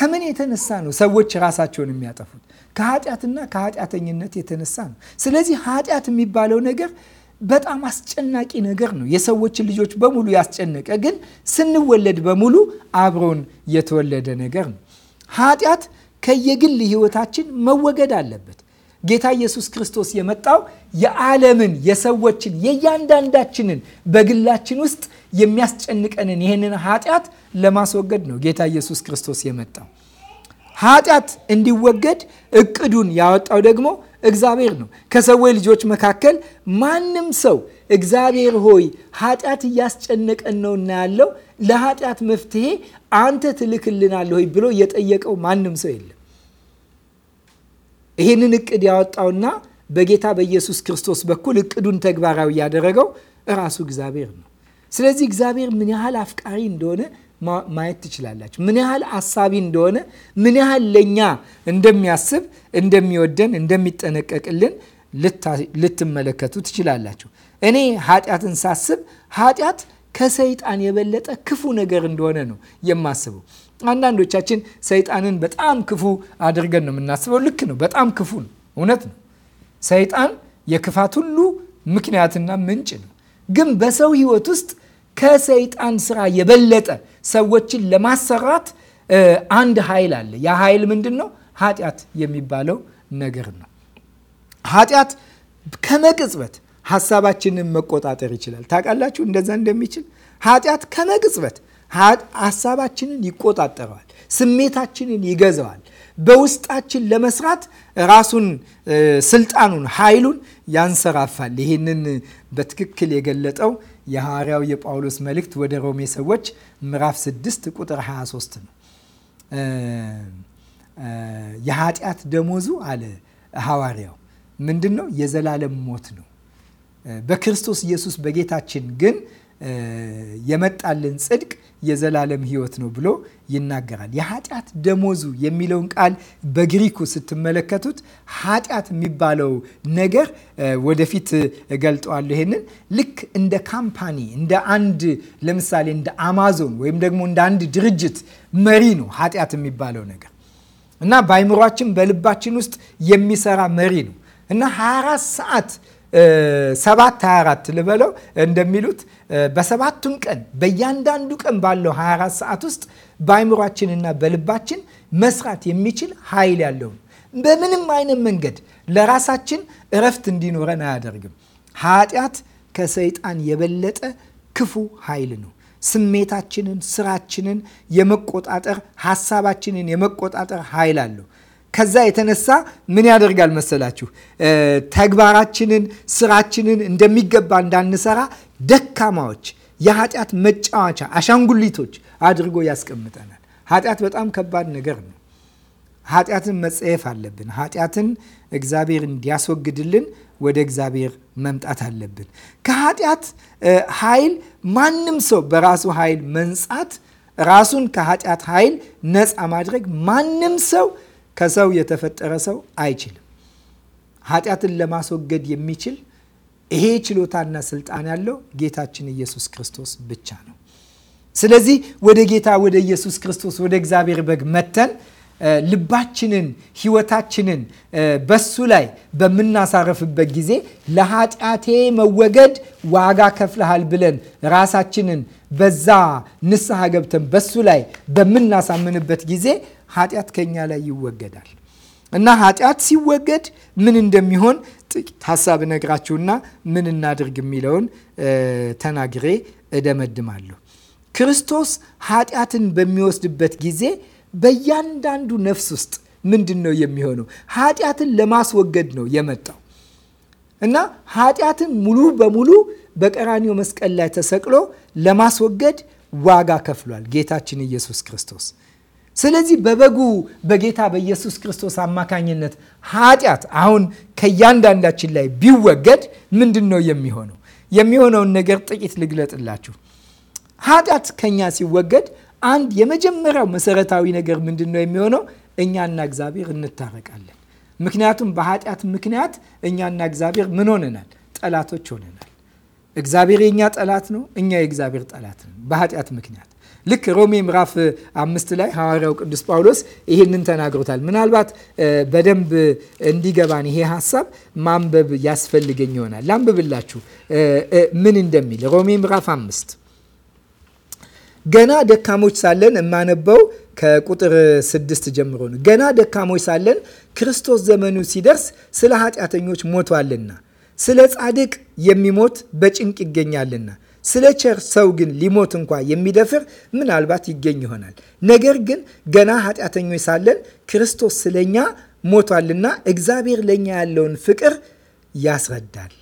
ከምን የተነሳ ነው ሰዎች ራሳቸውን የሚያጠፉት? ከኃጢአትና ከኃጢአተኝነት የተነሳ ነው። ስለዚህ ኃጢአት የሚባለው ነገር በጣም አስጨናቂ ነገር ነው። የሰዎችን ልጆች በሙሉ ያስጨነቀ፣ ግን ስንወለድ በሙሉ አብሮን የተወለደ ነገር ነው። ኃጢአት ከየግል ህይወታችን መወገድ አለበት። ጌታ ኢየሱስ ክርስቶስ የመጣው የዓለምን የሰዎችን የእያንዳንዳችንን በግላችን ውስጥ የሚያስጨንቀንን ይህንን ኃጢአት ለማስወገድ ነው። ጌታ ኢየሱስ ክርስቶስ የመጣው ኃጢአት እንዲወገድ እቅዱን ያወጣው ደግሞ እግዚአብሔር ነው። ከሰዎች ልጆች መካከል ማንም ሰው እግዚአብሔር ሆይ ኃጢአት እያስጨነቀን ነውና ያለው ለኃጢአት መፍትሄ አንተ ትልክልናለህ ሆይ ብሎ የጠየቀው ማንም ሰው የለም። ይህንን እቅድ ያወጣውና በጌታ በኢየሱስ ክርስቶስ በኩል እቅዱን ተግባራዊ ያደረገው እራሱ እግዚአብሔር ነው። ስለዚህ እግዚአብሔር ምን ያህል አፍቃሪ እንደሆነ ማየት ትችላላችሁ። ምን ያህል አሳቢ እንደሆነ፣ ምን ያህል ለእኛ እንደሚያስብ፣ እንደሚወደን፣ እንደሚጠነቀቅልን ልትመለከቱ ትችላላችሁ። እኔ ኃጢአትን ሳስብ ኃጢአት ከሰይጣን የበለጠ ክፉ ነገር እንደሆነ ነው የማስበው። አንዳንዶቻችን ሰይጣንን በጣም ክፉ አድርገን ነው የምናስበው። ልክ ነው። በጣም ክፉ ነው። እውነት ነው። ሰይጣን የክፋት ሁሉ ምክንያትና ምንጭ ነው። ግን በሰው ህይወት ውስጥ ከሰይጣን ስራ የበለጠ ሰዎችን ለማሰራት አንድ ኃይል አለ። ያ ኃይል ምንድን ነው? ኃጢአት የሚባለው ነገር ነው። ኃጢአት ከመቅጽበት ሀሳባችንን መቆጣጠር ይችላል። ታውቃላችሁ እንደዛ እንደሚችል ኃጢአት ከመቅጽበት ሀሳባችንን ይቆጣጠረዋል፣ ስሜታችንን ይገዛዋል። በውስጣችን ለመስራት ራሱን ስልጣኑን፣ ኃይሉን ያንሰራፋል። ይህንን በትክክል የገለጠው የሐዋርያው የጳውሎስ መልእክት ወደ ሮሜ ሰዎች ምዕራፍ 6 ቁጥር 23 ነው። የኃጢአት ደሞዙ አለ ሐዋርያው ምንድን ነው? የዘላለም ሞት ነው። በክርስቶስ ኢየሱስ በጌታችን ግን የመጣልን ጽድቅ የዘላለም ህይወት ነው ብሎ ይናገራል። የኃጢአት ደሞዙ የሚለውን ቃል በግሪኩ ስትመለከቱት ኃጢአት የሚባለው ነገር ወደፊት እገልጠዋለሁ። ይሄንን ልክ እንደ ካምፓኒ እንደ አንድ ለምሳሌ እንደ አማዞን ወይም ደግሞ እንደ አንድ ድርጅት መሪ ነው ኃጢአት የሚባለው ነገር እና በአይምሯችን በልባችን ውስጥ የሚሰራ መሪ ነው እና 24 ሰዓት ሰባት 24 ልበለው እንደሚሉት በሰባቱም ቀን በእያንዳንዱ ቀን ባለው 24 ሰዓት ውስጥ በአይምሯችንና በልባችን መስራት የሚችል ኃይል ያለው በምንም አይነት መንገድ ለራሳችን እረፍት እንዲኖረን አያደርግም። ኃጢአት ከሰይጣን የበለጠ ክፉ ኃይል ነው። ስሜታችንን፣ ስራችንን የመቆጣጠር ሀሳባችንን የመቆጣጠር ኃይል አለው። ከዛ የተነሳ ምን ያደርጋል መሰላችሁ? ተግባራችንን፣ ስራችንን እንደሚገባ እንዳንሰራ ደካማዎች፣ የኃጢአት መጫወቻ አሻንጉሊቶች አድርጎ ያስቀምጠናል። ኃጢአት በጣም ከባድ ነገር ነው። ኃጢአትን መጸየፍ አለብን። ኃጢአትን እግዚአብሔር እንዲያስወግድልን ወደ እግዚአብሔር መምጣት አለብን። ከኃጢአት ኃይል ማንም ሰው በራሱ ኃይል መንጻት ራሱን ከኃጢአት ኃይል ነፃ ማድረግ ማንም ሰው ከሰው የተፈጠረ ሰው አይችልም። ኃጢአትን ለማስወገድ የሚችል ይሄ ችሎታና ስልጣን ያለው ጌታችን ኢየሱስ ክርስቶስ ብቻ ነው። ስለዚህ ወደ ጌታ ወደ ኢየሱስ ክርስቶስ ወደ እግዚአብሔር በግ መተን ልባችንን ህይወታችንን በሱ ላይ በምናሳረፍበት ጊዜ ለኃጢአቴ መወገድ ዋጋ ከፍለሃል ብለን ራሳችንን በዛ ንስሐ ገብተን በሱ ላይ በምናሳምንበት ጊዜ ኃጢአት ከኛ ላይ ይወገዳል እና ኃጢአት ሲወገድ ምን እንደሚሆን ጥቂት ሀሳብ ነግራችሁና ምን እናድርግ የሚለውን ተናግሬ እደመድማለሁ። ክርስቶስ ኃጢአትን በሚወስድበት ጊዜ በእያንዳንዱ ነፍስ ውስጥ ምንድን ነው የሚሆነው? ኃጢአትን ለማስወገድ ነው የመጣው እና ኃጢአትን ሙሉ በሙሉ በቀራኒው መስቀል ላይ ተሰቅሎ ለማስወገድ ዋጋ ከፍሏል ጌታችን ኢየሱስ ክርስቶስ። ስለዚህ በበጉ በጌታ በኢየሱስ ክርስቶስ አማካኝነት ኃጢአት አሁን ከእያንዳንዳችን ላይ ቢወገድ ምንድን ነው የሚሆነው? የሚሆነውን ነገር ጥቂት ልግለጥላችሁ። ኃጢአት ከኛ ሲወገድ አንድ የመጀመሪያው መሰረታዊ ነገር ምንድን ነው የሚሆነው? እኛና እግዚአብሔር እንታረቃለን። ምክንያቱም በኃጢአት ምክንያት እኛና እግዚአብሔር ምን ሆነናል? ጠላቶች ሆነናል። እግዚአብሔር የእኛ ጠላት ነው፣ እኛ የእግዚአብሔር ጠላት ነው በኃጢአት ምክንያት ልክ ሮሜ ምዕራፍ አምስት ላይ ሐዋርያው ቅዱስ ጳውሎስ ይህንን ተናግሮታል። ምናልባት በደንብ እንዲገባን ይሄ ሀሳብ ማንበብ ያስፈልገኝ ይሆናል። ላንብብላችሁ ምን እንደሚል ሮሜ ምዕራፍ አምስት ገና ደካሞች ሳለን የማነበው ከቁጥር ስድስት ጀምሮ ነው። ገና ደካሞች ሳለን ክርስቶስ ዘመኑ ሲደርስ ስለ ኃጢአተኞች ሞቷልና፣ ስለ ጻድቅ የሚሞት በጭንቅ ይገኛልና ስለ ቸር ሰው ግን ሊሞት እንኳ የሚደፍር ምናልባት ይገኝ ይሆናል። ነገር ግን ገና ኃጢአተኞች ሳለን ክርስቶስ ስለኛ ሞቷልና እግዚአብሔር ለእኛ ያለውን ፍቅር ያስረዳል።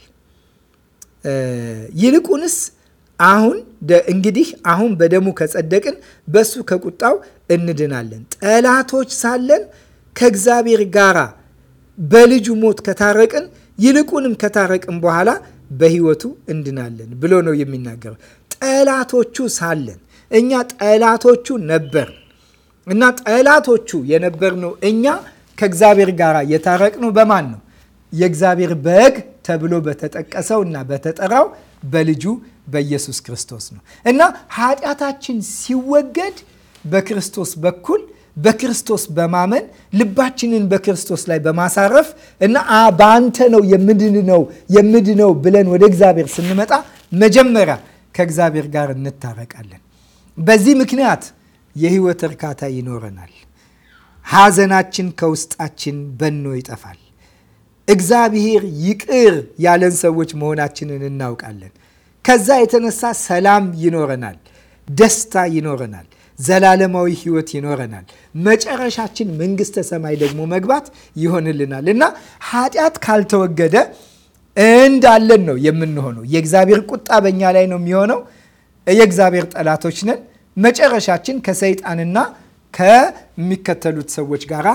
ይልቁንስ አሁን እንግዲህ አሁን በደሙ ከጸደቅን በሱ ከቁጣው እንድናለን። ጠላቶች ሳለን ከእግዚአብሔር ጋራ በልጁ ሞት ከታረቅን ይልቁንም ከታረቅን በኋላ በህይወቱ እንድናለን ብሎ ነው የሚናገረው። ጠላቶቹ ሳለን እኛ ጠላቶቹ ነበር እና ጠላቶቹ ነው እኛ ከእግዚአብሔር ጋር ነው በማን ነው? የእግዚአብሔር በግ ተብሎ በተጠቀሰው እና በተጠራው በልጁ በኢየሱስ ክርስቶስ ነው እና ኃጢአታችን ሲወገድ በክርስቶስ በኩል በክርስቶስ በማመን ልባችንን በክርስቶስ ላይ በማሳረፍ እና በአንተ ነው የምድነው የምድነው ብለን ወደ እግዚአብሔር ስንመጣ መጀመሪያ ከእግዚአብሔር ጋር እንታረቃለን። በዚህ ምክንያት የህይወት እርካታ ይኖረናል። ሐዘናችን ከውስጣችን በኖ ይጠፋል። እግዚአብሔር ይቅር ያለን ሰዎች መሆናችንን እናውቃለን። ከዛ የተነሳ ሰላም ይኖረናል፣ ደስታ ይኖረናል። ዘላለማዊ ህይወት ይኖረናል። መጨረሻችን መንግስተ ሰማይ ደግሞ መግባት ይሆንልናል እና ኃጢአት ካልተወገደ እንዳለን ነው የምንሆነው። የእግዚአብሔር ቁጣ በእኛ ላይ ነው የሚሆነው። የእግዚአብሔር ጠላቶች ነን። መጨረሻችን ከሰይጣንና ከሚከተሉት ሰዎች ጋር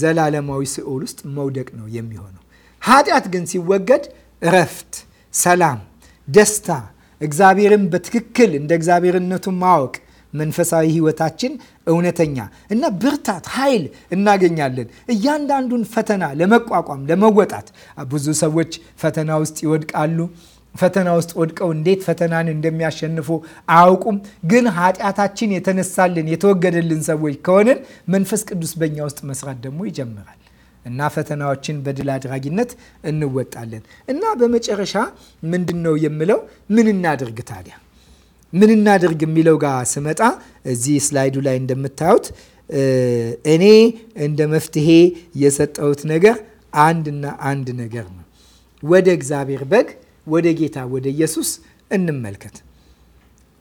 ዘላለማዊ ሲኦል ውስጥ መውደቅ ነው የሚሆነው። ኃጢአት ግን ሲወገድ እረፍት፣ ሰላም፣ ደስታ፣ እግዚአብሔርን በትክክል እንደ እግዚአብሔርነቱ ማወቅ መንፈሳዊ ህይወታችን እውነተኛ እና ብርታት ኃይል እናገኛለን። እያንዳንዱን ፈተና ለመቋቋም ለመወጣት ብዙ ሰዎች ፈተና ውስጥ ይወድቃሉ። ፈተና ውስጥ ወድቀው እንዴት ፈተናን እንደሚያሸንፉ አያውቁም። ግን ኃጢአታችን የተነሳልን የተወገደልን ሰዎች ከሆንን መንፈስ ቅዱስ በእኛ ውስጥ መስራት ደግሞ ይጀምራል እና ፈተናዎችን በድል አድራጊነት እንወጣለን። እና በመጨረሻ ምንድን ነው የምለው? ምን እናድርግ ታዲያ? ምን እናድርግ የሚለው ጋር ስመጣ እዚህ ስላይዱ ላይ እንደምታዩት እኔ እንደ መፍትሄ የሰጠሁት ነገር አንድና አንድ ነገር ነው። ወደ እግዚአብሔር በግ ወደ ጌታ ወደ ኢየሱስ እንመልከት።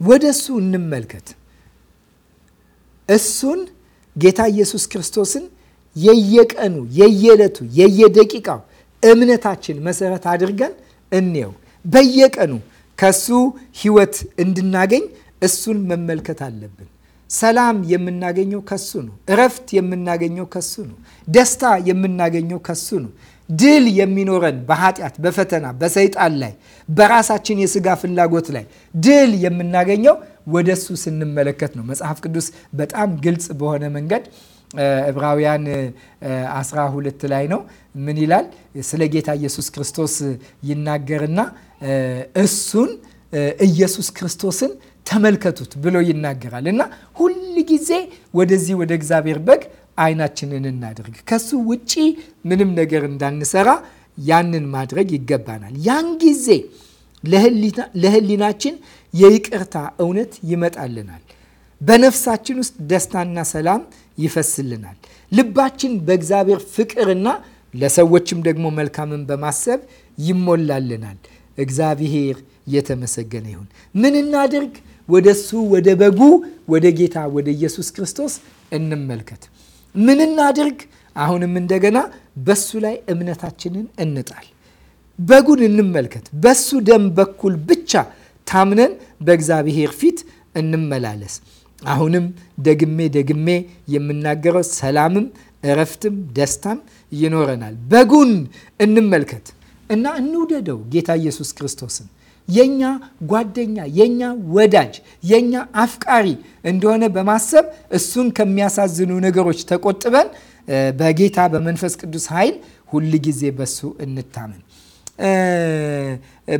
ወደ እሱ እንመልከት። እሱን ጌታ ኢየሱስ ክርስቶስን የየቀኑ የየዕለቱ የየደቂቃው እምነታችን መሰረት አድርገን እንየው በየቀኑ ከሱ ህይወት እንድናገኝ እሱን መመልከት አለብን። ሰላም የምናገኘው ከሱ ነው። እረፍት የምናገኘው ከሱ ነው። ደስታ የምናገኘው ከሱ ነው። ድል የሚኖረን በኃጢአት፣ በፈተና፣ በሰይጣን ላይ፣ በራሳችን የስጋ ፍላጎት ላይ ድል የምናገኘው ወደሱ ስንመለከት ነው። መጽሐፍ ቅዱስ በጣም ግልጽ በሆነ መንገድ ዕብራውያን 12 ላይ ነው። ምን ይላል? ስለ ጌታ ኢየሱስ ክርስቶስ ይናገርና እሱን ኢየሱስ ክርስቶስን ተመልከቱት ብሎ ይናገራል እና ሁል ጊዜ ወደዚህ ወደ እግዚአብሔር በግ አይናችንን እናድርግ። ከሱ ውጪ ምንም ነገር እንዳንሰራ ያንን ማድረግ ይገባናል። ያን ጊዜ ለህሊናችን የይቅርታ እውነት ይመጣልናል። በነፍሳችን ውስጥ ደስታና ሰላም ይፈስልናል። ልባችን በእግዚአብሔር ፍቅርና ለሰዎችም ደግሞ መልካምን በማሰብ ይሞላልናል። እግዚአብሔር የተመሰገነ ይሁን። ምን እናድርግ? ወደ እሱ ወደ በጉ ወደ ጌታ ወደ ኢየሱስ ክርስቶስ እንመልከት። ምን እናድርግ? አሁንም እንደገና በሱ ላይ እምነታችንን እንጣል። በጉን እንመልከት። በሱ ደም በኩል ብቻ ታምነን በእግዚአብሔር ፊት እንመላለስ። አሁንም ደግሜ ደግሜ የምናገረው ሰላምም፣ እረፍትም፣ ደስታም ይኖረናል። በጉን እንመልከት እና እንውደደው ጌታ ኢየሱስ ክርስቶስን የኛ ጓደኛ የኛ ወዳጅ የኛ አፍቃሪ እንደሆነ በማሰብ እሱን ከሚያሳዝኑ ነገሮች ተቆጥበን በጌታ በመንፈስ ቅዱስ ኃይል ሁል ጊዜ በሱ እንታመን።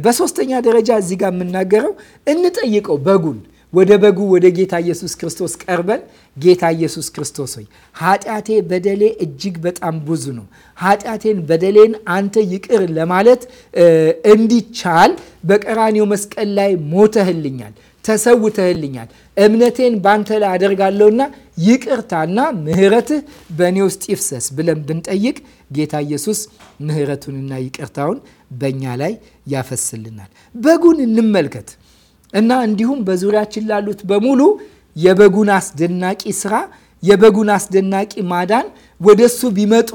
በሶስተኛ ደረጃ እዚህ ጋር የምናገረው እንጠይቀው በጉን ወደ በጉ ወደ ጌታ ኢየሱስ ክርስቶስ ቀርበን ጌታ ኢየሱስ ክርስቶስ ሆይ ኃጢአቴ፣ በደሌ እጅግ በጣም ብዙ ነው። ኃጢአቴን፣ በደሌን አንተ ይቅር ለማለት እንዲቻል በቀራኒው መስቀል ላይ ሞተህልኛል፣ ተሰውተህልኛል። እምነቴን ባንተ ላይ አደርጋለሁና ይቅርታና ምሕረትህ በእኔ ውስጥ ይፍሰስ ብለን ብንጠይቅ ጌታ ኢየሱስ ምሕረቱንና ይቅርታውን በእኛ ላይ ያፈስልናል። በጉን እንመልከት። እና እንዲሁም በዙሪያችን ላሉት በሙሉ የበጉን አስደናቂ ስራ የበጉን አስደናቂ ማዳን ወደሱ ቢመጡ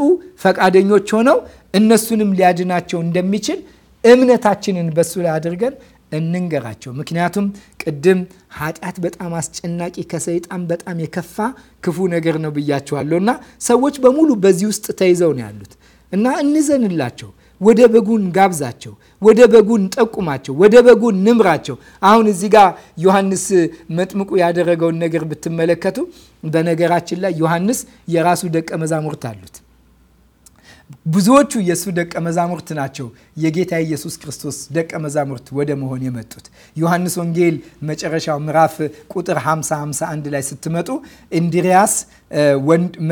ፈቃደኞች ሆነው እነሱንም ሊያድናቸው እንደሚችል እምነታችንን በእሱ ላይ አድርገን እንንገራቸው። ምክንያቱም ቅድም ኃጢአት በጣም አስጨናቂ ከሰይጣን በጣም የከፋ ክፉ ነገር ነው ብያቸዋለሁ እና ሰዎች በሙሉ በዚህ ውስጥ ተይዘው ነው ያሉት እና እንዘንላቸው ወደ በጉን ጋብዛቸው፣ ወደ በጉን ጠቁማቸው፣ ወደ በጉን ንምራቸው። አሁን እዚህ ጋር ዮሐንስ መጥምቁ ያደረገውን ነገር ብትመለከቱ፣ በነገራችን ላይ ዮሐንስ የራሱ ደቀ መዛሙርት አሉት ብዙዎቹ የእሱ ደቀ መዛሙርት ናቸው። የጌታ ኢየሱስ ክርስቶስ ደቀ መዛሙርት ወደ መሆን የመጡት ዮሐንስ ወንጌል መጨረሻው ምዕራፍ ቁጥር 50 51 ላይ ስትመጡ እንድሪያስ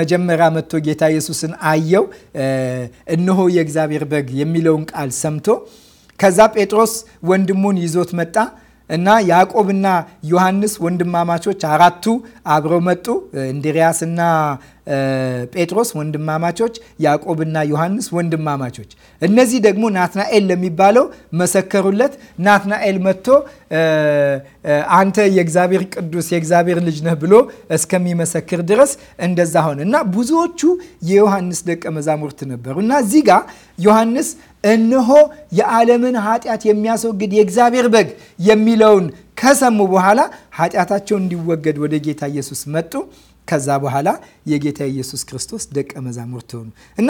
መጀመሪያ መጥቶ ጌታ ኢየሱስን አየው። እነሆ የእግዚአብሔር በግ የሚለውን ቃል ሰምቶ ከዛ ጴጥሮስ ወንድሙን ይዞት መጣ። እና ያዕቆብና ዮሐንስ ወንድማማቾች አራቱ አብረው መጡ። እንድሪያስና ጴጥሮስ ወንድማማቾች፣ ያዕቆብና ዮሐንስ ወንድማማቾች። እነዚህ ደግሞ ናትናኤል ለሚባለው መሰከሩለት። ናትናኤል መጥቶ አንተ የእግዚአብሔር ቅዱስ የእግዚአብሔር ልጅ ነህ ብሎ እስከሚመሰክር ድረስ እንደዛ ሆነ እና ብዙዎቹ የዮሐንስ ደቀ መዛሙርት ነበሩ እና እዚህ ጋር ዮሐንስ እነሆ የዓለምን ኃጢአት የሚያስወግድ የእግዚአብሔር በግ የሚለውን ከሰሙ በኋላ ኃጢአታቸው እንዲወገድ ወደ ጌታ ኢየሱስ መጡ። ከዛ በኋላ የጌታ ኢየሱስ ክርስቶስ ደቀ መዛሙርት ሆኑ እና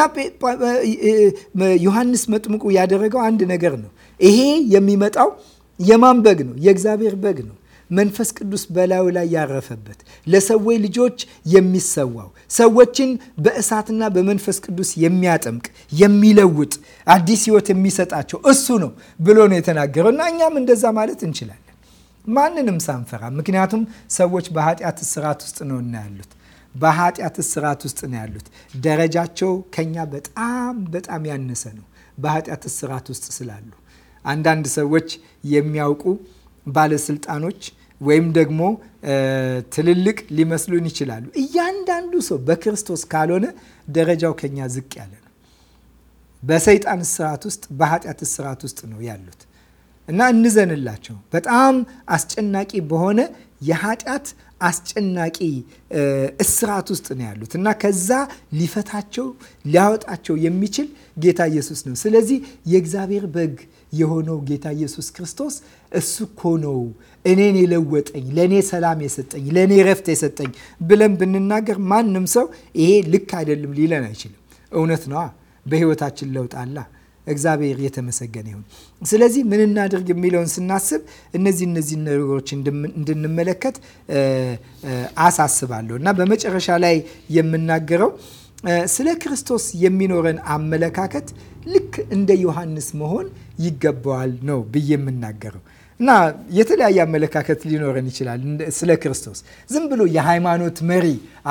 ዮሐንስ መጥምቁ ያደረገው አንድ ነገር ነው። ይሄ የሚመጣው የማን በግ ነው? የእግዚአብሔር በግ ነው። መንፈስ ቅዱስ በላዩ ላይ ያረፈበት ለሰዎች ልጆች የሚሰዋው ሰዎችን በእሳትና በመንፈስ ቅዱስ የሚያጠምቅ የሚለውጥ አዲስ ህይወት የሚሰጣቸው እሱ ነው ብሎ ነው የተናገረው እና እኛም እንደዛ ማለት እንችላለን ማንንም ሳንፈራ። ምክንያቱም ሰዎች በኃጢአት እስራት ውስጥ ነው እና ያሉት በኃጢአት እስራት ውስጥ ነው ያሉት። ደረጃቸው ከኛ በጣም በጣም ያነሰ ነው በኃጢአት እስራት ውስጥ ስላሉ አንዳንድ ሰዎች የሚያውቁ ባለስልጣኖች ወይም ደግሞ ትልልቅ ሊመስሉን ይችላሉ። እያንዳንዱ ሰው በክርስቶስ ካልሆነ ደረጃው ከኛ ዝቅ ያለ ነው። በሰይጣን ስርዓት ውስጥ፣ በኃጢአት ስርዓት ውስጥ ነው ያሉት እና እንዘንላቸው። በጣም አስጨናቂ በሆነ የኃጢአት አስጨናቂ እስራት ውስጥ ነው ያሉት እና ከዛ ሊፈታቸው ሊያወጣቸው የሚችል ጌታ ኢየሱስ ነው። ስለዚህ የእግዚአብሔር በግ የሆነው ጌታ ኢየሱስ ክርስቶስ እሱ እኮ ነው እኔን የለወጠኝ፣ ለእኔ ሰላም የሰጠኝ፣ ለእኔ ረፍት የሰጠኝ ብለን ብንናገር ማንም ሰው ይሄ ልክ አይደለም ሊለን አይችልም። እውነት ነዋ። በህይወታችን ለውጥ አላ። እግዚአብሔር የተመሰገነ ይሁን። ስለዚህ ምን እናድርግ የሚለውን ስናስብ እነዚህ እነዚህ ነገሮች እንድንመለከት አሳስባለሁ እና በመጨረሻ ላይ የምናገረው ስለ ክርስቶስ የሚኖረን አመለካከት ልክ እንደ ዮሐንስ መሆን ይገባዋል ነው ብዬ የምናገረው። እና የተለያየ አመለካከት ሊኖረን ይችላል ስለ ክርስቶስ። ዝም ብሎ የሃይማኖት መሪ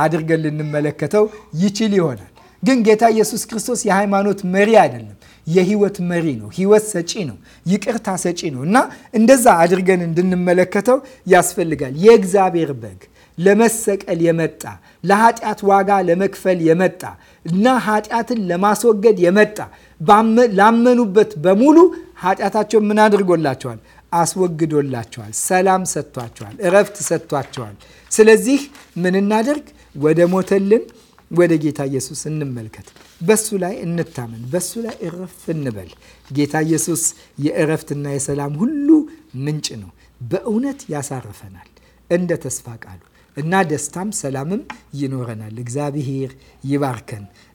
አድርገን ልንመለከተው ይችል ይሆናል። ግን ጌታ ኢየሱስ ክርስቶስ የሃይማኖት መሪ አይደለም፣ የህይወት መሪ ነው። ህይወት ሰጪ ነው፣ ይቅርታ ሰጪ ነው። እና እንደዛ አድርገን እንድንመለከተው ያስፈልጋል። የእግዚአብሔር በግ ለመሰቀል የመጣ ለኃጢአት ዋጋ ለመክፈል የመጣ እና ኃጢአትን ለማስወገድ የመጣ ላመኑበት በሙሉ ኃጢአታቸውን ምን አድርጎላቸዋል? አስወግዶላቸዋል፣ ሰላም ሰጥቷቸዋል፣ እረፍት ሰጥቷቸዋል። ስለዚህ ምን እናደርግ? ወደ ሞተልን ወደ ጌታ ኢየሱስ እንመልከት። በሱ ላይ እንታመን፣ በሱ ላይ እረፍ እንበል። ጌታ ኢየሱስ የእረፍትና የሰላም ሁሉ ምንጭ ነው። በእውነት ያሳርፈናል እንደ ተስፋ ቃሉ እና ደስታም ሰላምም ይኖረናል። እግዚአብሔር ይባርከን።